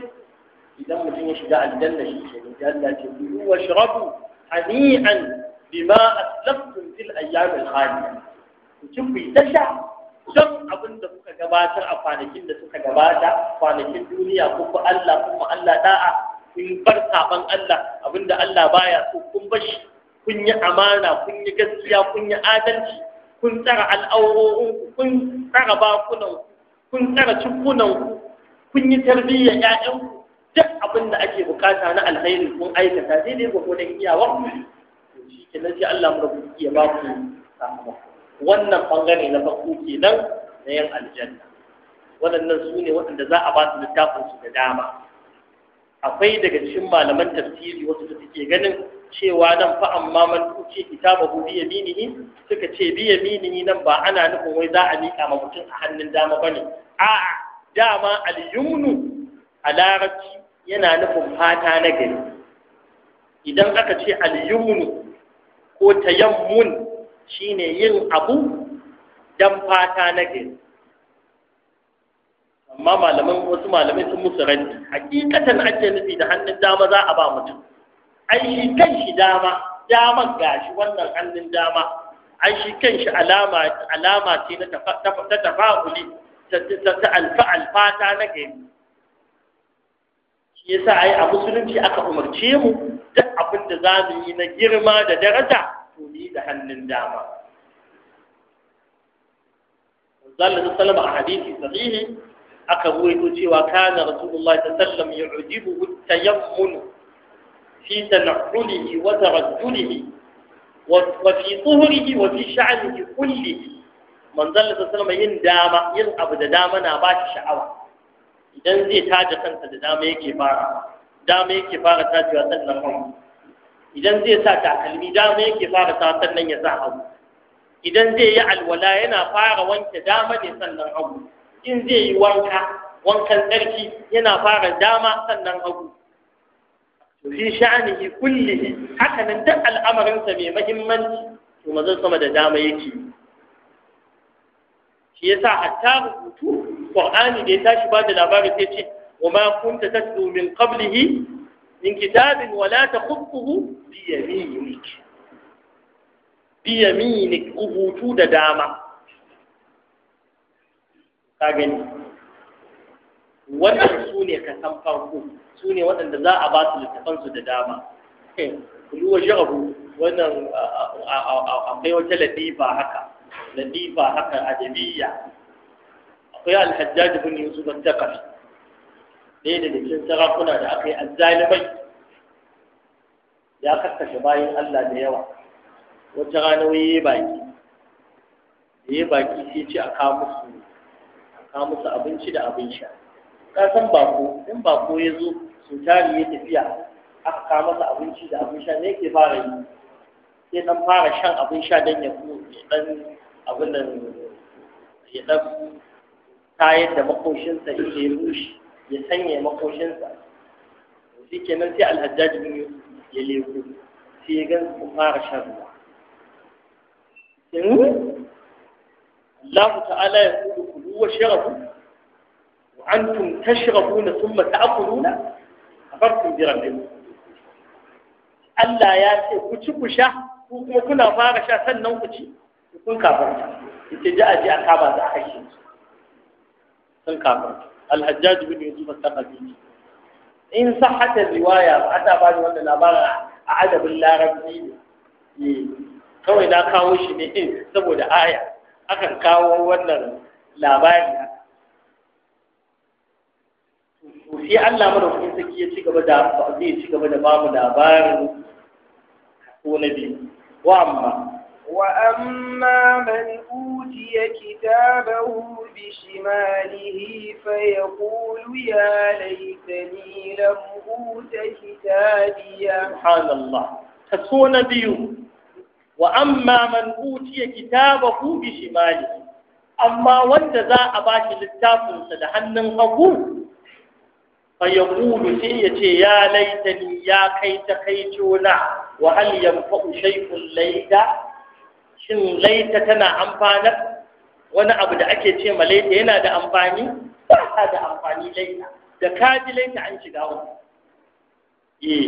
Speaker 1: idan mutum ya shiga aljanna shi ke da Allah ce ku wa shirabu hani'an bima aslaftum fil ayyam al khaliya ku ci ku tasha don abin da kuka gabatar a kwanakin da suka gabata kwanakin duniya ko ku Allah kuma Allah da'a kun bar saban Allah abinda Allah baya so kun bar shi kun yi amana kun yi gaskiya kun yi adalci kun tsara al'aurorin kun tsara bakunan kun tsara cikunan kun yi tarbiyya ƴaƴanku duk abin da ake bukata na alheri kun aikata daidai dai gonan iyawar shi ke nan Allah mu ya ba ku wannan bangare na farko kenan na yan aljanna waɗannan su ne waɗanda za a ba su littafin su da dama akwai daga cikin malaman tafsiri wasu da suke ganin cewa nan fa amma man uci hu bi yaminihi suka ce bi yaminihi nan ba ana nufin wai za a mika ma mutum a hannun dama bane a'a dama al-yumnu a yana nufin fata na gari idan aka ce al-yumnu ko tayammun shine yin abu dan fata na gari amma malaman wasu malamai sun musu raddi hakikatan ake nufi da hannun dama za a ba mutum ai shi kanshi dama daman gashi wannan hannun dama ai shi kanshi alama alama ce na ta tafa'uli ta alfa alfata na gari shi yasa ai a musulunci aka umarce mu duk abin da za mu yi na girma da daraja to ni da hannun dama zalla salama a hadisi sahihi aka ruwaito cewa kana rasulullahi sallallahu alaihi wasallam yu'jibuhu tayammunu في تنعله وترجله وفي طهره وفي شعره كله من ظل تسلم ين داما ين داما ناباش شعوة idan zai taje kansa da dama yake fara dama yake fara tajewa sannan hagu idan zai sa takalmi dama yake fara sa sannan ya sa hagu idan zai yi alwala yana fara wanke dama sannan hagu in zai yi wankan tsarki yana fara dama sannan fi sha'anihi kullihi haka nan duk sa mai mahimmanci to mazan sama da dama yake shi yasa hatta rubutu qur'ani da ya tashi ba da labari sai ce wa ma kunta tatlu min qablihi min kitabin wa la takhutuhu bi yaminik bi yaminik rubutu da dama ka gani wannan su ne kasan farko su ne waɗanda za a ba su littafansu da dama Kuluwar sha'abu wannan akwai wata ladifa haka ladifa haka jami'a akwai alhajjaji bin yusuf al-taqafi ɗaya daga cikin sarakuna da aka yi azzalibai ya kakkashe bayan Allah da yawa wata rana wai baki da baki sai ce a kawo musu abinci da abin sha ka san bako in bako ya zo su tari ya tafiya aka kawo masa abinci da abin sha ne yake fara yi sai dan fara shan abin sha dan ya ku dan abin nan ya dan tayar da makoshinsa ya ke rushe ya sanya makoshinsa shi kenan sai alhajjaji bin ya leko sai ya gan su fara shan ruwa hmm? Allah ta'ala ya kudu kudu wa sharafu وأنتم تشربون ثم تأكلون أفرتم بربكم Allah ya ce ku ci ku sha ku kuma kuna fara sha sannan ku ci kun kafarta yace ji aje a kaba za a kashe kafarta al-hajjaj ibn yusuf al kawai na kawo shi ne saboda aya akan kawo wannan labari sai Allah madaukakin sarki ya ci gaba da zai ci gaba da bamu labarin ko na biyu wa amma
Speaker 2: wa amma man utiya kitabahu bi shimalihi fa yaqulu ya laitani lam uta kitabiya
Speaker 1: subhanallah so na biyu wa amma man utiya kitabahu bi shimalihi amma wanda za a ba shi littafinsa da hannun hagu fa yaqulu sai ya ce ya laitani ya kai ta kai jona wa hal yanfa'u shay'un laita shin laita tana amfana wani abu da ake ce ma laita yana da amfani ba da amfani laita da kaji laita an shiga wani eh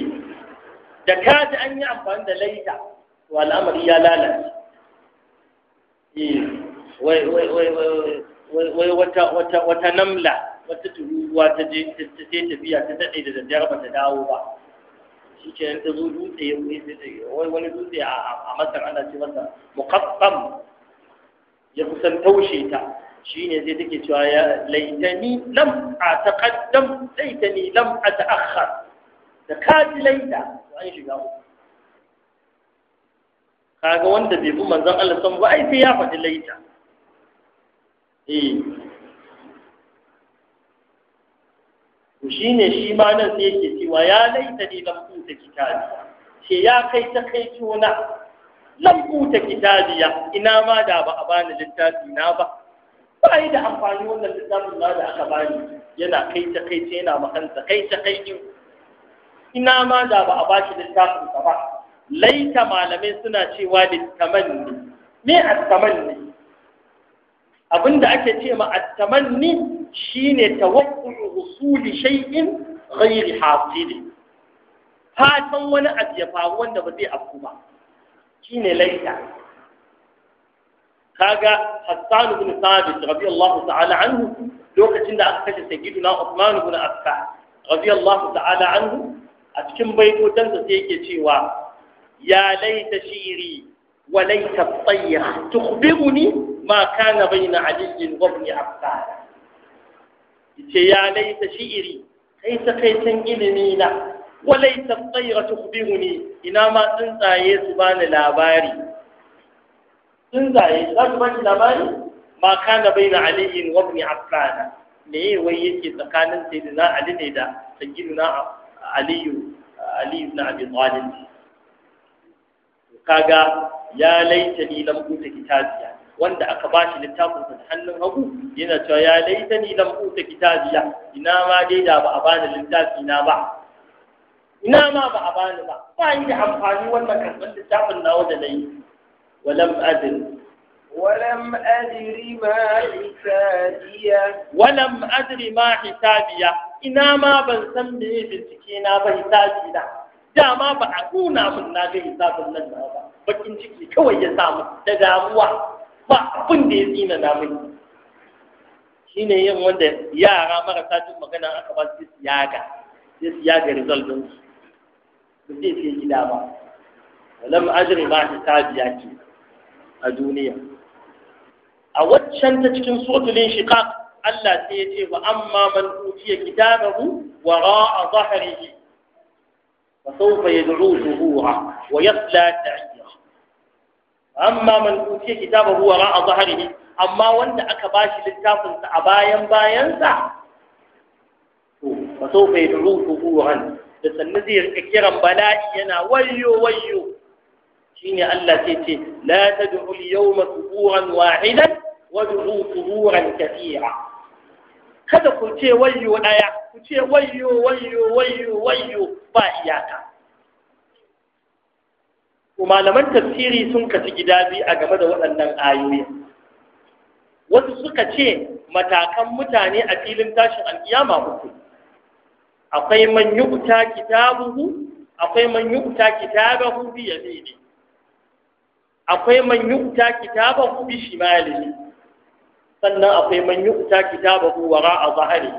Speaker 1: da kaji an yi amfani da laita to al'amari ya lalace eh wai wai wai wai wata wata wata namla wata tururuwa ta je ta tafiya ta daɗe da daddare ba ta dawo ba shi ke ta zo dutse ya wani wani dutse a masar ana ce masa muqaddam ya kusan taushe ta Shi ne sai take cewa ya laitani lam ataqaddam laitani lam ataakhkhar da kaji laita an shiga uku kaga wanda bai bi manzon Allah san ba ai sai ya faɗi laita eh shi ne shi ma nan sai yake cewa ya laita ni lam kuta kitabi ce ya kai ta kai tona lam kuta kitabiya ina ma da ba a bani littafi na ba ba yi da amfani wannan littafin ma da aka bani yana kai ta kai ce yana makansa kai ta kai ina ma da ba a bashi littafin ba laita malamai suna cewa littamanni me attamanni abinda ake ce ma attamanni shine tawakkulu husuli shay'in ghairi hasil fatan wani abu ya faru wanda ba zai afku ba shine laita kaga Hassan ibn Thabit radiyallahu ta'ala anhu lokacin da aka kashe sayyiduna usman ibn Affan radiyallahu ta'ala anhu a cikin baitotan sa sai yake cewa ya laita shiri wa laita tayyih tukhbiruni ma kana bayna Ali ibn Affan yace ya shi iri kai ta kai san ilimi na walai ta tsaira tukhbiruni ina ma tsuntsaye su bani labari tsuntsaye za su bani labari ma kana baina aliyin wa ibn affan me wai yake tsakanin sayyidina ali ne da sayyidina aliyu ali ibn abi talib kaga ya laita ni lam kuta kitabiya wanda aka ba shi littafin sa hannun hagu yana cewa ya laitani lam uta kitabiya ina ma dai da ba a bani littafi na ba ina ma ba a bani ba ba yi da amfani wannan karɓar littafin nawa da nayi walam adri walam adri ma hisabiya walam adri ma hisabiya ina ma ban san me bincike na ba hisabi na dama ba a nuna min na ga hisabin nan ba bakin ciki kawai ya samu da damuwa ba abin da ya tsina na mai shine yin wanda yara marasa jin magana aka ba su yaga sai su yaga result din su ba zai sai gida ba walam ajri ma hisabiya ke a duniya a waccan ta cikin sotulin shiqaq Allah sai ya ce wa amma man utiya kitabahu wara'a zahrihi fa sawfa yad'u zuhura wa yasla ta'ib amma man kitaba huwa ra a zahrihi amma wanda aka bashi littafin sa a bayan bayan sa to fa so fa yadruhu ruhan da sannan zai rika kiran bala'i yana wayyo wayyo shine Allah sai ce la tad'u al-yawma thuburan wahidan du'u thuburan kathira kada ku ce wayyo daya ku ce wayyo wayyo wayyo wayyo ba iyaka malaman tafsiri sun kaci gida biyu a game da waɗannan ayoyi wasu suka ce matakan mutane a filin tashin alkiyama uku akwai man yuqta kitabuhu akwai man yuqta kitabahu bi yamini akwai man yuqta kitabahu bi shimalihi sannan akwai man yuqta kitabahu wara'a zahari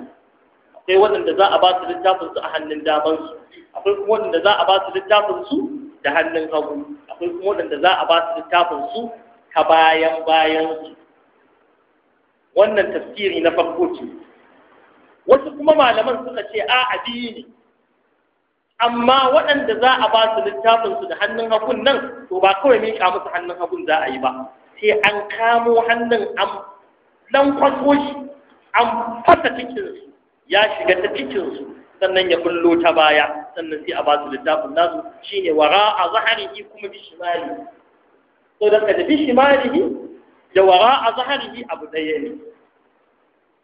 Speaker 1: akwai wanda za a ba su littafin su a hannun damansu akwai kuma waɗanda za a ba su littafin su da hannun hagu akwai kuma waɗanda za a ba su littafin su ta bayan bayan su wannan tafsiri na farko ce wasu kuma malaman suka ce a addini amma waɗanda za a ba su littafin su da hannun hagun nan to ba kawai ka musu hannun hagun za a yi ba sai an kamo hannun an dan shi an fasa cikinsu ya shiga ta su sannan ya kullo ta baya sannan sai a ba su littafin nasu shine wara a zaharihi kuma bi shimali so da kada bi shimalihi da wara a zaharihi abu daya ne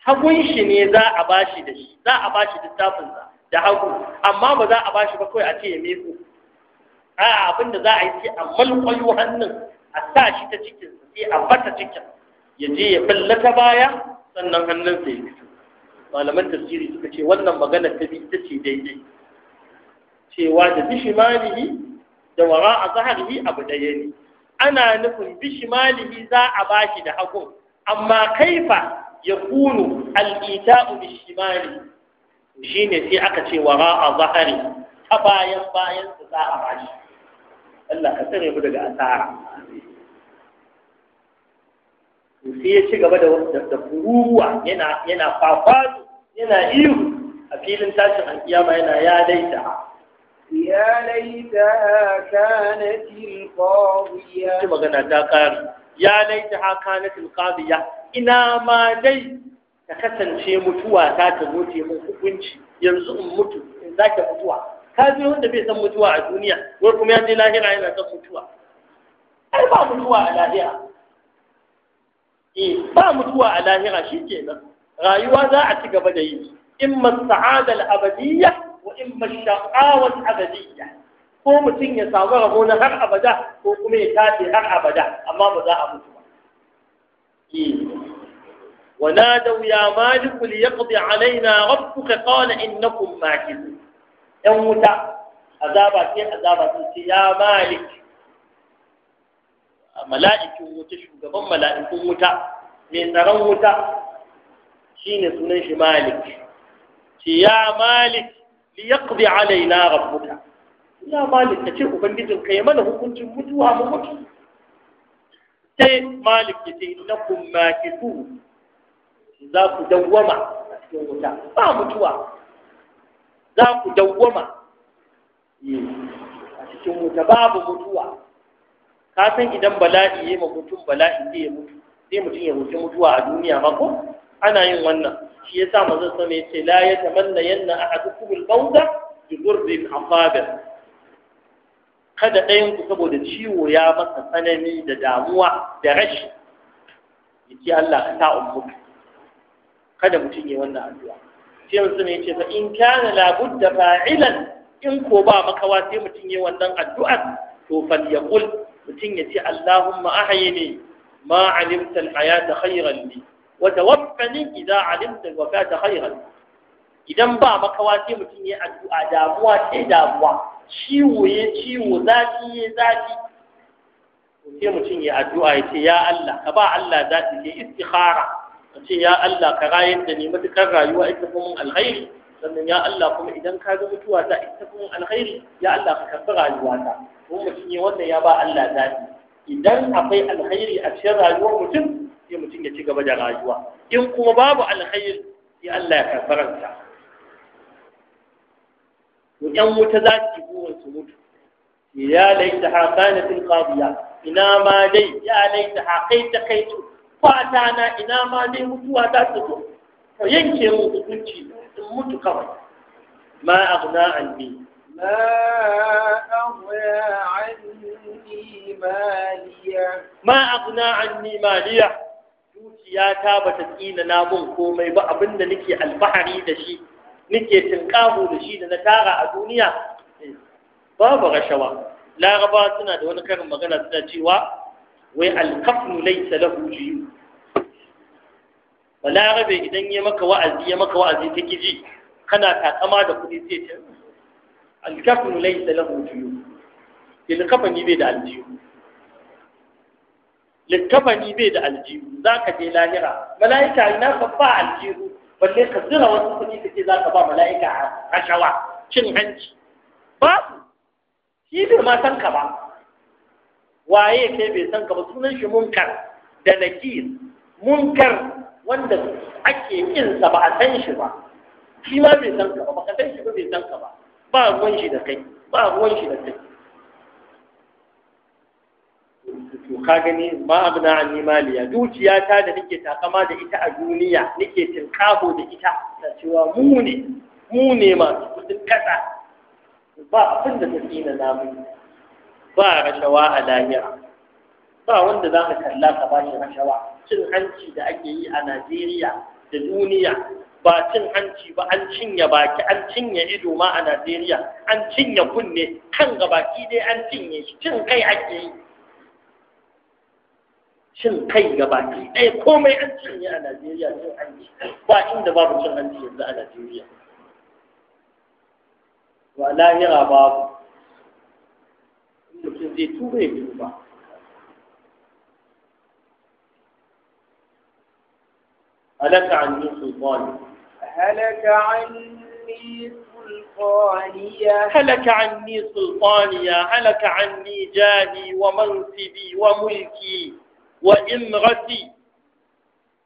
Speaker 1: hagun shi ne za a bashi da shi za a bashi littafin sa da hagu amma ba za a bashi ba kawai a ce ya meko a abin za a yi sai a hannun a sa shi ta cikin sai a bata cikin
Speaker 2: ya je ta baya
Speaker 1: sannan hannun sai ya fito malaman tafsiri suka ce wannan magana ta bi ita ce daidai cewa da bishimalihi da wara a zaharihi abu ɗaya ne ana nufin bishimalihi za a bashi da hagu. amma kaifa ya kunu al'ita'u bishimali shi ne sai aka ce wara a zahari ta bayan bayan su za a bashi Allah ka tsare mu daga asara to sai ya ci gaba da da kururuwa yana yana yana iyu a filin tashin alkiyama yana ya daita
Speaker 2: ya laitaha kanat
Speaker 1: alqadiya ci magana ta kare ya haka kanat alqadiya ina ma dai ta kasance mutuwa ta ta zo ce hukunci yanzu in mutu in zake mutuwa ka je wanda bai san mutuwa a duniya wai kuma ya lahira yana ta mutuwa ai ba mutuwa a lahira eh ba mutuwa a lahira shi nan. rayuwa za a ci gaba da yi In masta'adar al-abadiyya wa in shaqawa abadiyya ko mutum ya samu rabo na har abada ko kuma ya tafi har abada amma ba za a mutu ba wa nadaw ya maliku li yaqdi alaina rabbuka qala innakum makithun yan wuta azaba sai azaba ya malik mala'ikin wuta shugaban mala'ikun wuta mai tsaron wuta shine sunan shi malik shi ya malik li yaqdi alaina rabbuka ya malik ka ce ubangijin ka yi mana hukuncin mutuwa mu mutu sai malik ya ce innakum makitu za ku dawwama a cikin wuta ba mutuwa za ku dawwama
Speaker 2: eh, a cikin wuta
Speaker 1: babu mutuwa ka san idan bala'i ya ma mutum bala'i zai ya mutu sai mutum ya mutu mutuwa a duniya ma ko ana yin wannan shi yasa manzon sama yace la ya tamanna yanna ahadukum al-bawda bi a afabir kada ɗayan ku saboda ciwo ya masa tsanani da damuwa da rashi yace Allah ka ta ummu kada mutum ya wannan addu'a sai mutum ya ce fa in kana la budda fa'ilan in ko ba makawa sai mutum ya wannan addu'a to fal yaqul mutum ya ce Allahumma ahyini ma alimta alhayata khayran li wa tawaffani idza alimta alwafata khayran idan ba makawa sai mutum ya addu'a damuwa sai damuwa ciwo ya ciwo zafi ya zafi sai mutum ya addu'a ya ce ya Allah ka ba Allah zafi ya istikhara ka ce ya Allah ka rayar da ni matukar rayuwa ita kuma alkhairi sannan ya Allah kuma idan ka ga mutuwa ta ita kuma alkhairi ya Allah ka karɓi rayuwa ta ko mutum ne wannan ya ba Allah zaɓi idan akwai alkhairi a cikin rayuwar mutum sai mutum ya ci gaba da rayuwa in kuma babu alkhairi sai Allah ya karɓi ranta to ƴan wuta za su yi burin su mutu ya laita ha kanatin qadiya ina ma dai ya laita ha kai ta kai fata na ina ma dai mutuwa ta su to yanke mu hukunci sun mutu kawai ma aghna anni
Speaker 2: ma aghna anni maliya ma aghna anni maliya zuciyata
Speaker 1: bata tsina na mun komai ba abinda nake alfahari da shi nake tinkaho da shi da na tara a duniya eh, babu rashawa laraba suna da wani karin magana suna cewa wai alkafnu laysa lahu jiyu balarabe idan ya maka wa'azi ya maka wa'azi ta kiji kana takama da kuɗi sai ce alkafin laisa lahu juyu likafani bai da aljihu likafani bai da aljihu za ka je lahira mala'ika ina ka ba aljihu balle ka zira wasu kuɗi kake za ka ba mala'ika a rashawa cin hanci ba shi bai ma san ka ba waye kai bai san ka ba sunan shi munkar da nakir munkar wanda ake yin sa ba a san shi ba shi ma bai san ka ba ka san shi ba bai san ka ba ba ruwan shi da kai ba ruwan shi da kai to ka gani ma abna anni maliya dukiya ta da nake takama da ita a duniya nake tinkaho da ita ta cewa mu ne mu ne masu kudin kasa ba abin da ta tsina namu ba rashawa a lahira ba wanda za ka kalla ka ba shi rashawa cin hanci da ake yi a Najeriya da duniya ba cin hanci ba an cinye baki an cinye ido ma a Najeriya an cinye kunne kan gabaki dai an cinye shi cin kai ake yi cin kai gabaki ɗaya komai an cinye a Najeriya cin hanci ba inda babu cin hanci yanzu a Najeriya ba lahira babu mutum zai tuba ya tuba هلك عني سلطانية هلك
Speaker 2: عني سلطانية هلك عني سلطانية هلك عني
Speaker 1: جاني ومنصبي وملكي وإمرتي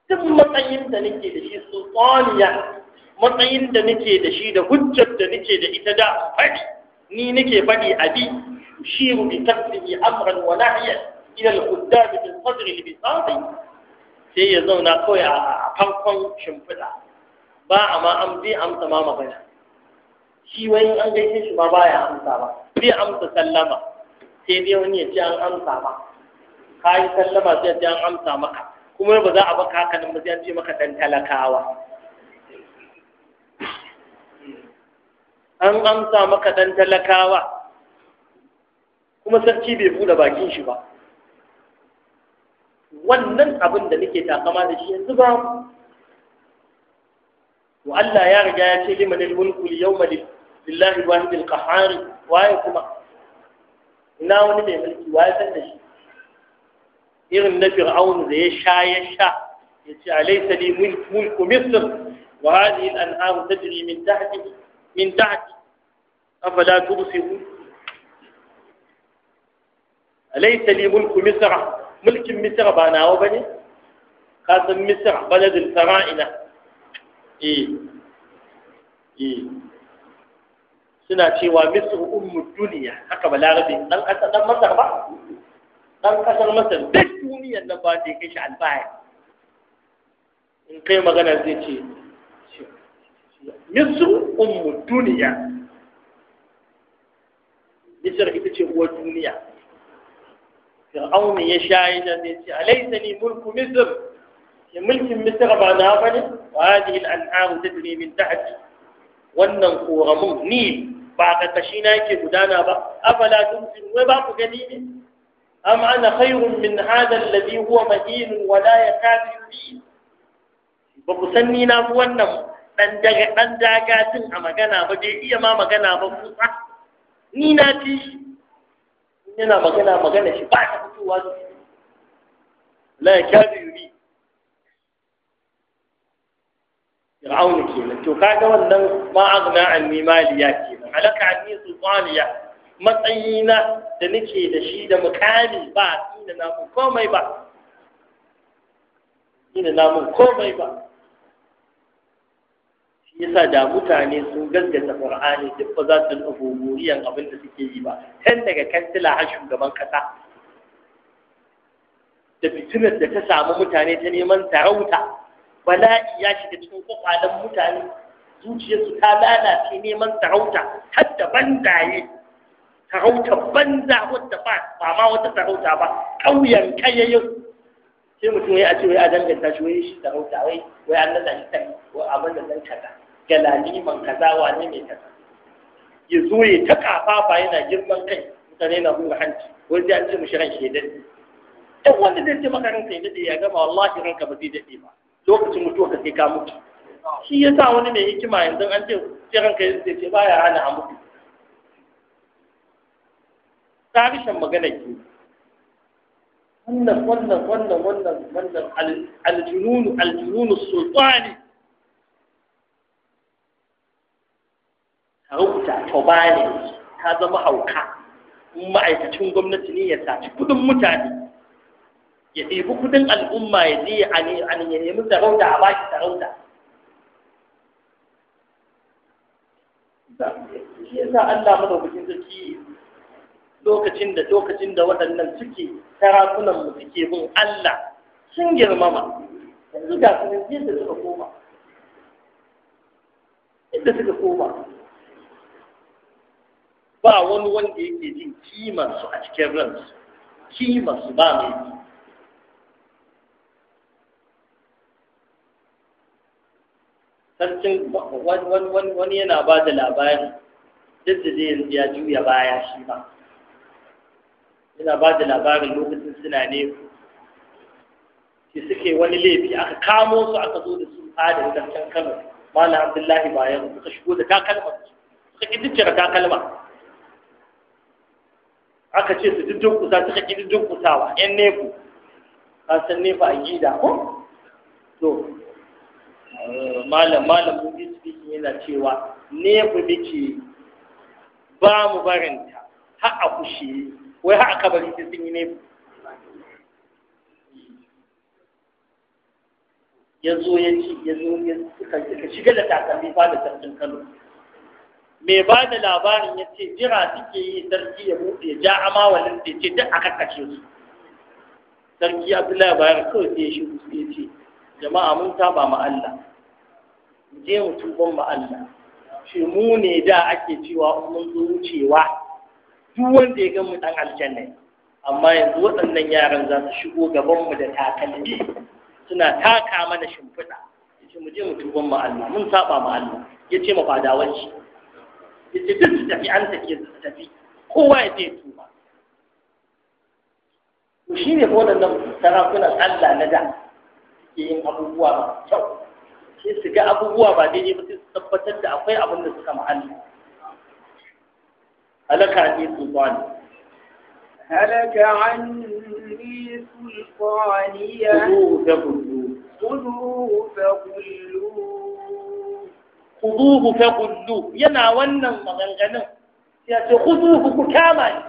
Speaker 1: تم مطعين تنكي لشي سلطانية مطعين تنكي لشي ده هجة تنكي ده فدي ني نكي فدي أبي يشير بكفره أمرا ونهيا إلى الخدام في صدره بساطي sai ya zauna kawai a farkon shimfiɗa ba a ma an bi amsa ma magana shi wani an gaishe shi ma ba ya amsa ba bai amsa sallama sai dai wani ya ce an amsa ba ka yi sallama sai ya ce an amsa maka kuma ba za a baka haka nan ba sai an ce maka dan talakawa an amsa maka dan talakawa kuma sarki bai buɗe bakin shi ba wannan abin da nake takama da shi yanzu ba wa Allah ya riga ya ce liman al-mulku al-yawma lillahi wahid al-qahhar waye kuma ina wani mai mulki waye san da shi irin na fir'aun da ya sha ya sha ya ce alaysa li mulku misr wa hadhihi al-anharu tajri min tahti min tahti afala tubsirun alaysa li mulku misra mulkin Misira ba nawa ba ne kasan misira baladin fara'ina eh eh suna cewa Misir ummu duniya haka balarabe dan kasar dan masar ba dan kasar masar duk duniyar nan ba da kai shi albaya in kai magana zai ce Misir
Speaker 2: ummu duniya
Speaker 1: Misir ita ce uwar duniya fir'aun ya shayi da zai ce alaysa li mulku misr ya mulkin misr ba na bane wa hadhihi al-anhar tajri min tahti wannan koramun ni ba karkashi na yake gudana ba afala tumsin wai ba ku gani ne am ana khairun min hadha alladhi huwa mahin wa la yakadu yubin ba ku san ni na fi wannan dan daga dan dagatin a magana ba bai iya ma magana ba ku ni na fi yana magana magana shi ba
Speaker 2: ta fitowa da la ya kyabi yuri
Speaker 1: fir'aunu kenan to kaga wannan ma aghna anni maliya kenan halaka anni sultaniya matsayina da nake da shi da mukami ba ina na komai ba komai ba yasa da mutane sun gaskata qur'ani duk ba za su nufi muriyan abin da suke yi ba tun daga kansila har shugaban kasa da fitinar da ta samu mutane ta neman sarauta bala'i ya shiga cikin kwakwalen mutane zuciyarsu ta lalace neman sarauta har da bandaye sarauta banza wadda ba ba ma wata sarauta ba ƙauyen kayayyar sai mutum ya ce wai a danganta shi wai shi sarauta wai wai an nada shi kai wai abin da zan kada ga laliman kaza wane ne kaza ya zo ya ta ba yana girman kai mutane na hura hanci wani an ce mushi ran shi ne. duk wanda zai ce maka ranka ya dade ya gama wallahi ranka ba zai daɗe ba lokacin mutuwa ka sai ka mutu shi ya sa wani mai hikima yanzu an ce sai ranka ya daɗe ce baya hana a mutu tarihin magana ke wannan wannan wannan wannan wannan aljununu aljununu sultani ka rubuta bane ta zama hauka in ma'aikacin gwamnati ne ya saci kudin mutane ya ɗebi kudin al'umma ya je ya nemi sarauta a baki sarauta shi yasa Allah madaukakin sarki lokacin da lokacin da waɗannan suke sarakunan mu suke bin Allah sun girmama yanzu
Speaker 2: ga su yadda suka koma yadda suka koma
Speaker 1: ba wani wanda yake jin kimar su a cikin ransu kimar su ba mai yi. sarkin wani yana ba da labari duk da zai ya juya baya shi ba yana ba da labarin lokacin suna ne shi suke wani laifi aka kamo su aka zo da su fadin sarkin kano na abdullahi bayan suka shigo da takalma suka ƙi dukkan takalma aka ce su duk dukkusa suka ƙi duk kusawa yan neku a san nefa a gida ko to malam malam mun yi speaking yana cewa nefu muke ba mu barinta har a kushe wai har a kabari sai sun yi nefa ya zo ya ci ya zo ya suka shiga da takalmi fa da sarkin Kano mai ba da labarin ya ce jira suke yi sarki ya buɗe ya ja amawalin da ce duk a kakkace su sarki abdullahi bayar kawai sai ya shi su ya ce jama'a mun saba ma Allah je mu tuban ma Allah shi mu ne da ake cewa mun zo wucewa duk wanda ya gan mu dan aljanna amma yanzu waɗannan yaran za su shigo gaban mu da takalmi suna taka mana shimfiɗa yace mu je mu tuban ma Allah mun saba ma Allah yace ma fadawan shi yace duk su tafi an take su tafi kowa ya je tuba to shi ne waɗannan sarakunan Allah na da suke yin abubuwa ba kyau sai su ga abubuwa ba daidai ba sai su tabbatar da akwai abin da suka ma'alla halaka ne sultani
Speaker 2: halaka anni sultaniya خذوه فغلوه
Speaker 1: Kuduhu ka
Speaker 2: kullu yana
Speaker 1: wannan maganganun ya ce kuduhu ku kama ni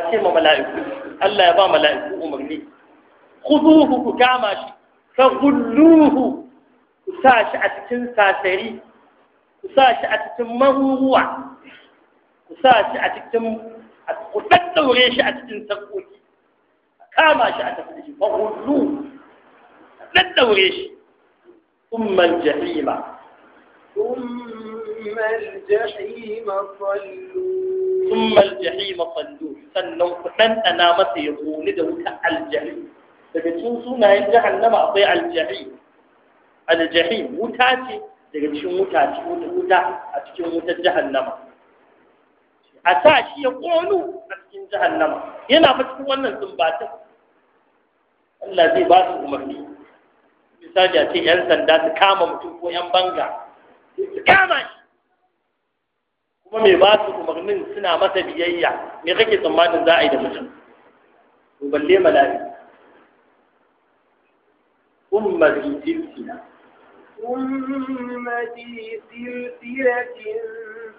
Speaker 1: a ce ma mala'iku Allah ya ba mala'iku umarni Kuduhu ku kama shi ka qulluhu ku sa shi a cikin sasari ku sa shi a cikin maruruwa ku sa shi a cikin ku daddaure shi a cikin sarkoki kama shi a tafi shi fa qulluhu daddaure shi ثم الجحيم
Speaker 2: ثم الجحيم
Speaker 1: صلوا ثم الجحيم صلوا sannan ku ɗanɗana masa ya ƙone da wuta aljahi daga cikin sunayen jahannama akwai aljahi aljahi wuta ce daga cikin wuta wuta a cikin wutar jahannama a sa shi ya ƙonu a cikin jahannama yana fa cikin wannan sumbatin Allah zai ba su umarni misali a ce 'yan sanda su kama mutum ko 'yan banga kuma mai ba su umarnin suna masa biyayya me kake tsammanin za a yi da mutum to balle malami ummati
Speaker 2: silsila ummati silsilatin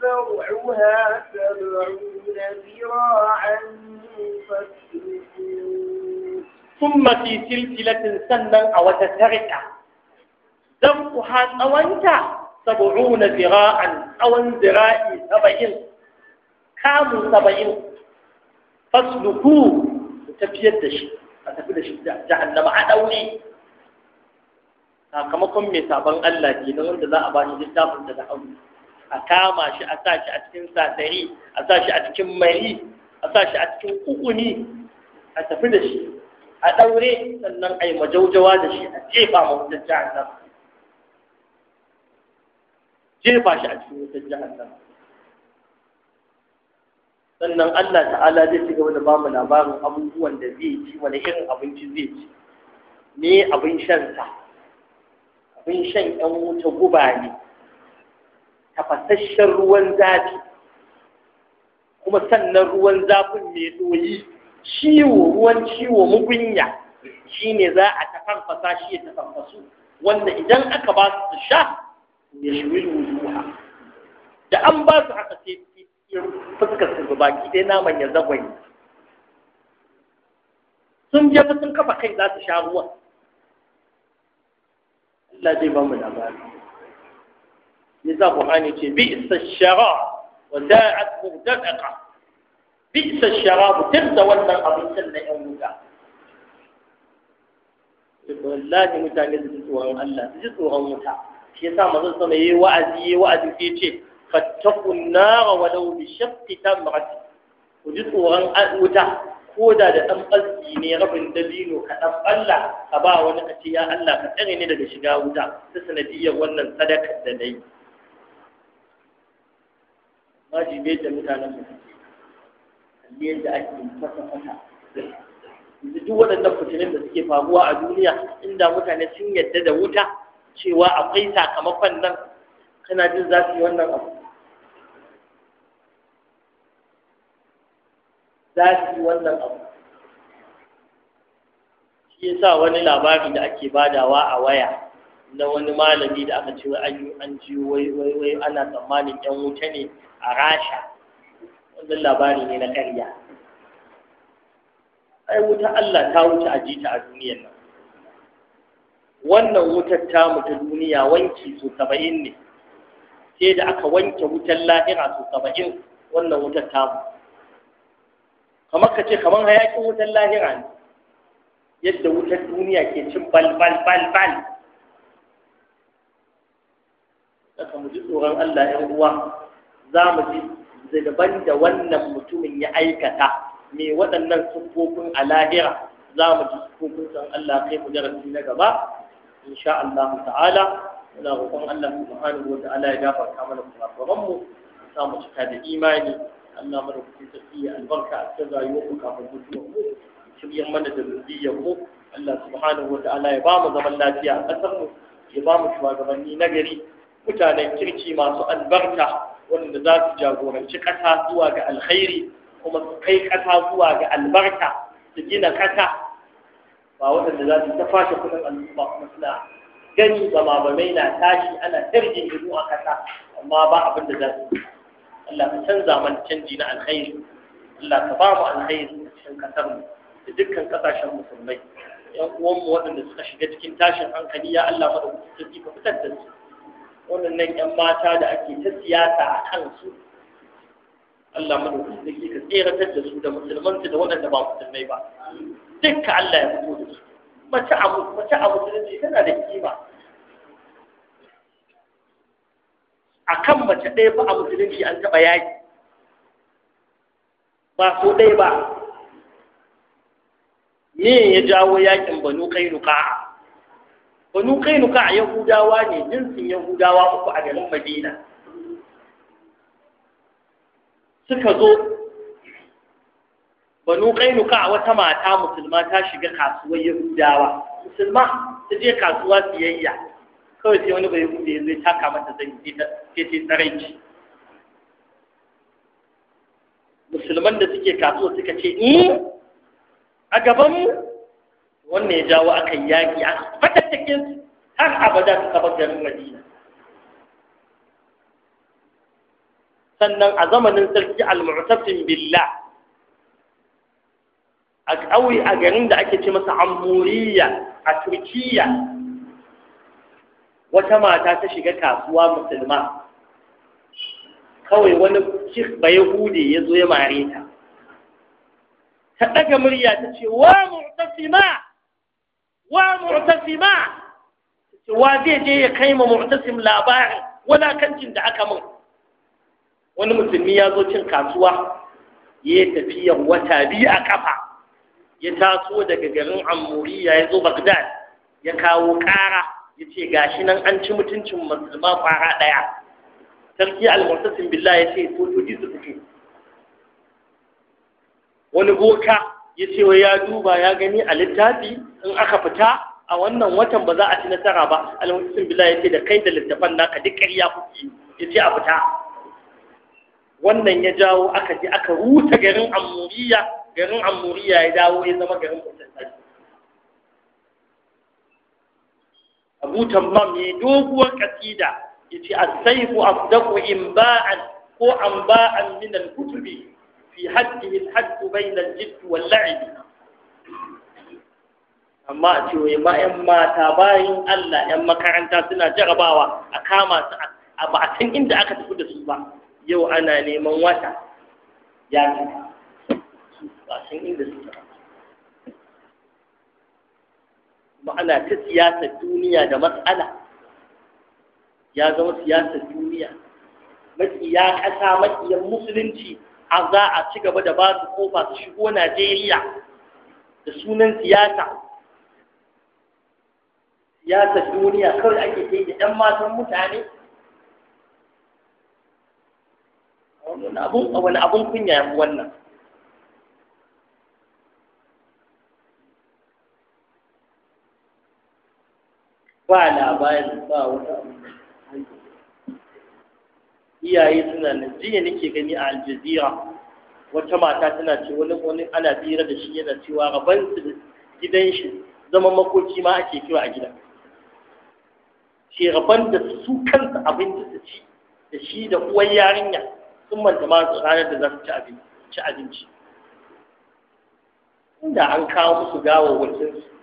Speaker 2: zaw'uha sab'una zira'an
Speaker 1: ummati silsilatin sannan a wata tarika zan ku ha sab'una zira'an tsawon zira'i saba'in kamun saba'in fasluku tafiyar da shi a tafi da shi jahannama a daure sakamakon mai sabon Allah ke nan wanda za a ba shi littafin da aure a kama shi a sa shi a cikin satari a sa shi a cikin mai, a sa shi a cikin kukuni a tafi da shi a daure sannan a yi majaujawa da shi a jefa ma wajen jahannama jefa shi a cikin wutar jahannam sannan Allah ta'ala zai ci gaba da ba mu labarin abubuwan da zai ci wani irin abinci zai ci ne abin shan sa abin shan ƴan wuta guba ne tafasasshen ruwan zafi kuma sannan ruwan zafin mai ɗoyi ciwo ruwan ciwo mugunya shine za a tafarfasa shi ya tafarfasu wanda idan aka ba su sha yashwil wujuha da an ba su haka sai fuskar su ga baki ɗaya naman ya zagwai sun je sun kafa kai za su sha ruwan Allah zai ba mu labari yasa Qur'ani ce bi'sa shara wa sa'at murtaqa bi'sa shara da wannan abincin na yan wuta wallahi mutane su ji tsoron Allah su ji tsoron wuta shi yasa manzon sama yayi wa'azi yayi wa'azi sai ce fattakun nara walau bi shaqqi tamrati ku ji tsoron wuta ko da da ɗan ɓalki ne rabin dalilu ka ɗan ɓalla ka ba wani ka ce ya Allah ka tsare ni daga shiga wuta ta sanadiyyar wannan sadakar da na yi. Majibe da mutanen mu ne da yadda ake fata-fata. Yanzu duk waɗannan fitinin da suke faruwa a duniya inda mutane sun yadda da wuta cewa akwai sakamakon nan kana jin za su yi wannan abu za su yi wannan abu shi ya sa wani labari da ake badawa a waya na wani malami da aka ce an ji wai wai ana tsammanin yan wuta ne a rasha wannan labari ne na karya ai wuta Allah ta wuce a jita a duniyar nan wannan wutar tamu ta duniya wanki su saba'in ne sai da aka wanke wutar lahira su saba'in wannan wutar tamu kamar ka ce kamar hayakin wutar lahira ne yadda wutar duniya ke cin bal bal bal bal daga mu ji tsoron Allah ‘yan uwa za mu ji zirban da wannan mutumin ya aikata mai waɗannan sufofin a lahira za mu ji sufofin san Allah kai mu darasi na gaba insha Allah ta'ala muna roƙon Allah subhanahu wa ta'ala ya gafarta mana kurakuran mu sa mu cika da imani Allah mana kuɗi tafiya albarka a cikin rayuwar mu kafin mutuwar mu shiryan mana da zuriyar mu Allah subhanahu wa ta'ala ya ba mu zaman lafiya a ƙasar mu ya ba mu shugabanni nagari mutanen kirki masu albarka wanda za su jagoranci ƙasa zuwa ga alkhairi kuma su kai ƙasa zuwa ga albarka su gina ƙasa ba waɗanda za su ta fashe kuɗin al'umma kuma suna gani ba ma ba mai na tashi ana tarjin jinu a kasa amma ba abin da za su Allah ka canza mana canji na alkhairi Allah ka ba mu alkhairi a cikin kasar mu da dukkan kasashen musulmai yan uwan waɗanda suka shiga cikin tashin hankali ya Allah mu da kusurci ka fitar da su waɗannan yan mata da ake ta siyasa a kansu Allah mu da kusurci ka tseratar da su da musulmansu da waɗanda ba musulmai ba dukka Allah ya fito da su mace abu mace abu musulunci tana da kima akan mace ɗaya abu a musulunci an taɓa yaƙi ba so ɗaya ba me ya jawo yaƙin banu kainuka banu kainuka yahudawa ne jinsin yahudawa uku a garin madina suka zo banu ka wata mata musulma ta shiga kasuwar yahudawa musulma ta je kasuwa siyayya kawai sai wani bai hude zai taka mata zan yi ta ce tsaraici musulman da suke kasuwa suka ce in a gabanmu wannan ya jawo aka yaƙi a fatattakin su har abada suka kafa garin madina sannan a zamanin sarki al-mu'tasim billah a ƙauye a garin da ake ce masa amuriya a turkiya wata mata ta shiga kasuwa musulma kawai wani kirba yahudi ya zo ya mare ta ta ɗaga murya ta ce wa mu'tasima wa mu'tasima wa zai je ya kai ma mu'tasim labarin wulakancin da aka mun wani musulmi ya zo cin kasuwa ya tafiya wata biyu a kafa ya taso daga garin amuriya ya zo bagdad ya kawo ƙara ya ce gashi nan an ci mutuncin musulma kwara ɗaya sarki al-murtasim billah ya ce to su fito wani boka ya ce ya duba ya gani a littafi in aka fita a wannan watan ba za a ci nasara ba al-murtasim billah ya ce da kai da littafan naka duk ƙarya kuke ya ce a fita wannan ya jawo aka ji aka rusa garin amuriya garin amuriya ya dawo ya zama garin mutuntaji abu tamam ya doguwar ƙasida. ya ce asaifu afdaku ba'an ko an ba'an minan kutubi fi haddi al haddu bayna al amma a ce wai ma'yan mata bayan Allah ‘yan makaranta suna jarabawa a kama su a ba a san inda aka tafi da su ba yau ana neman wata ya ce su inda suke ba ta siyasar duniya da matsala ya zama siyasar duniya ya ƙasa maƙiyan musulunci a za a ci gaba da ba su kofa su shigo najeriya da sunan siyasa siyasar duniya kawai ake kai da 'yan matan mutane wani abun kunya ya fi wannan ba labarin ba wata iyaye suna nan jiya nake gani a aljazira wata mata tana ce wani wani ana tsira da shi yana cewa rabon su gidan shi zama makoki ma ake kiwa a gida Ke rabon da su abin abinci su ci da shi da uwar yarinya sun manta ma ranar da za su ci abinci inda an kawo musu gawar wajensu.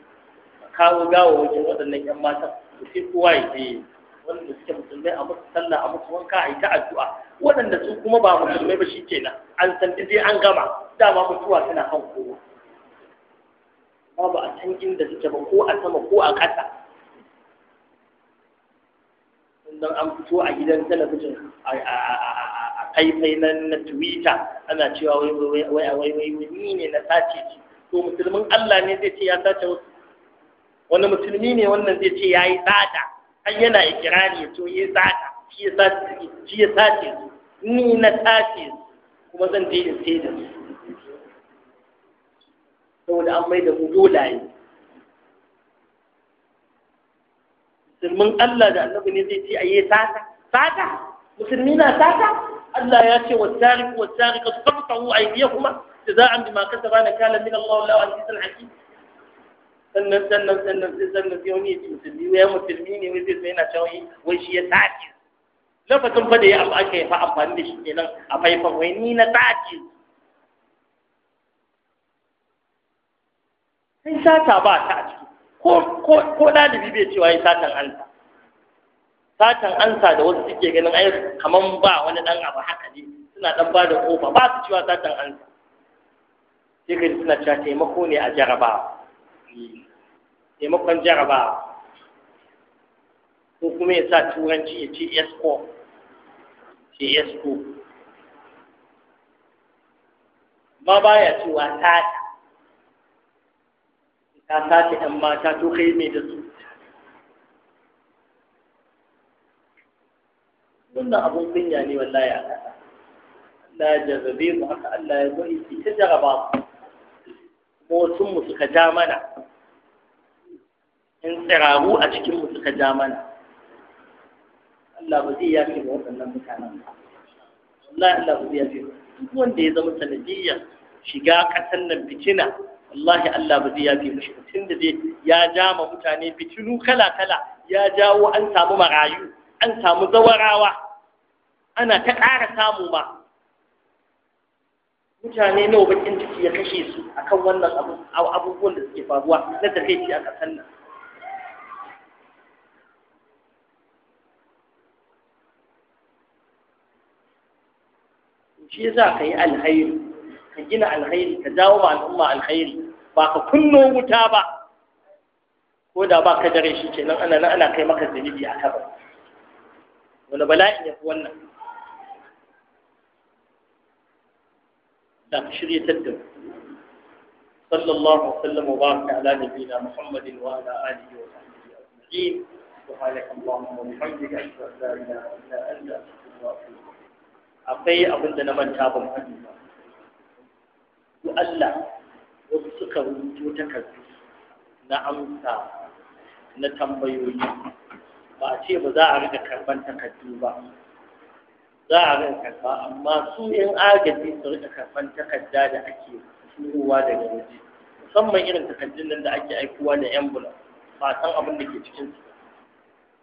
Speaker 1: kawo wajen waɗannan ‘yan matan da sai kowa ya je wanda suke musulmai a musu sallah a musu wanka a yi ta addu'a waɗanda su kuma ba musulmai ba shi ke nan an san dai an gama dama mutuwa tana kan kowa babu a can inda suke ba ko a sama ko a ƙasa don an fito a gidan talabijin a kaifai na twitter ana cewa wai wai wai wai ni ne na wai wai musulmin Allah ne zai ce ya sace wasu wani musulmi ne wannan zai ce ya yi tsada An yana ikirari ya to yi tsada shi ya sace su ya ni na sace kuma zan je in sai da su saboda an mai da hudu laye musulmin Allah da annabi ne zai ce a yi sata sata musulmi na sata Allah ya ce a wasariqatu faqtahu aydiyahuma jaza'an bima kasaba nakala min Allah wallahu azizun hakim sannan sannan sannan sai sannan sai wani yake musulmi wai musulmi ne wai sai yana cewa wai shi ya tace lafazin fa da ya abu aka yi fa amfani da shi kenan a faifan wai ni na tace sai sata ba ta a ciki ko ko ko dalibi bai cewa ya satan ansa satan ansa da wasu suke ganin ai kaman ba wani dan abu haka ne suna dan ba da kofa ba su cewa satan ansa sai ka suna cewa taimako ne a jarabawa taimakon jarabawa ko kuma ya sa turanci ya ce esco ce esco ma baya cewa tata ta sace ‘yan mata to kai mai da su wannan abun kunya ne wallahi a ƙasa Allah ya jarrabe su haka Allah ya zo ita ta jaraba su kuma wasu mu suka ja mana in tsirahu a cikin mu suka ja mana Allah ba zai yafe ba waɗannan mutanen ba wallahi Allah ba zai yafe duk wanda ya zama sanadiyyar shiga ƙasar nan fitina wallahi Allah ba zai yafe mishi tun da zai ya ja ma mutane fitinu kala kala ya jawo an samu marayu an samu zawarawa ana ta ƙara samu ma mutane nawa bakin ciki ya kashe su akan wannan abubuwan da suke faruwa na takaici a ƙasar nan shi yasa ka yi alkhairi ka gina alkhairi ka jawo ma al'umma alkhairi ba ka kunno wuta ba ko da ba ka dare shi kenan ana nan ana kai maka zunubi a kaba wani bala'in ya fi wannan da ka shirya tattau صلى الله وسلم وبارك على نبينا محمد وعلى اله وصحبه اجمعين سبحانك اللهم وبحمدك اشهد ان لا اله الا انت استغفرك akwai abin da na manta ban faɗi ba ku Allah wasu suka rubuto takardu na amsa na tambayoyi ba a ce ba za a rika karban takardu ba za a rika karba amma su in agaji su rika karban takarda da ake turowa daga waje musamman irin takardun nan da ake aikowa da envelope ba san abin da ke cikin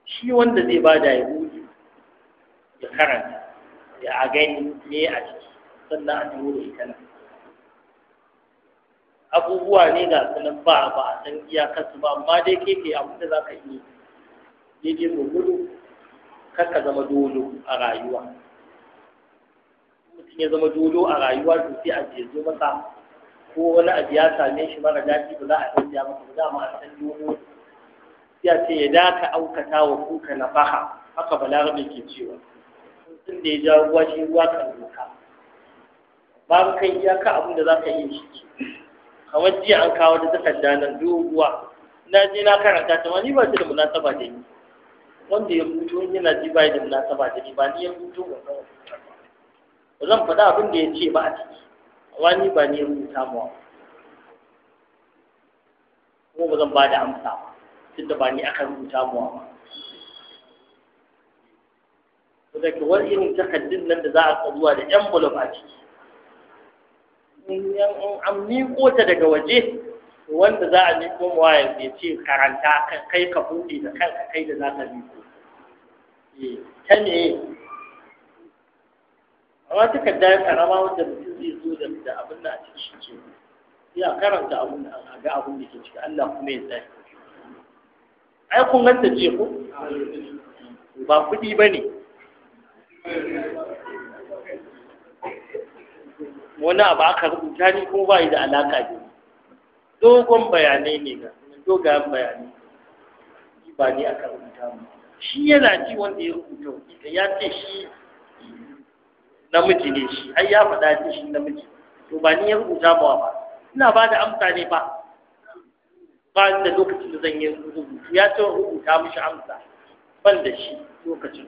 Speaker 1: shi wanda zai bada ya buɗe ya karanta a gani ne a ciki sannan a tuwo da ita nan abubuwa ne ga sunan ba ba a san iyakarsu ba amma dai ke ke abu da za ka yi daidai gudu kar ka zama dodo a rayuwa mutum ya zama dodo a rayuwa to sai a jezo masa ko wani abu ya same shi mara daɗi ba za a yi masa ba za mu a san dodo sai a ce ya daka aukata wa kuka na faha haka balarabe ke cewa mutum da ya ja ruwa shi ruwa kan doka babu kai iyaka abin da za ka yi shi kamar jiya an kawo da takarda nan doguwa na je na karanta ta wani ba shi da munasaba da ni wanda ya rubuto yana ji ba da munasaba da ni ba ni ya rubuto ba ba zan faɗa abin da ya ce ba a ciki wani ni ba ni ya rubuta mu kuma ba zan ba da amsa ba tunda ba ni aka rubuta mu ba daga wani irin takaddun nan da za a zuwa da envelope a ciki in an miko ta daga waje wanda za a miƙo wa ya ce karanta kai ka buɗe da kanka kai da za ka miƙo eh, ta ne amma takarda ya karama wanda mutum zai zo da abin da a cikin shi ke ya karanta abin da a ga abin da ke ciki Allah kuma ya zai ai kun ganta ce ko ba kuɗi ba ne wani abu aka rubuta ni ko ba da alaka ne dogon bayanai ne ga dogon bayanai ba ne aka rubuta mu shi yana ji wanda ya rubuta wakilta ya ce shi namiji ne shi ai ya faɗa ce shi namiji to ba ni ya rubuta ba ba ina ba da amsa ne ba ba da lokacin da zan yi rubutu ya ce rubuta mishi amsa ban da shi lokacin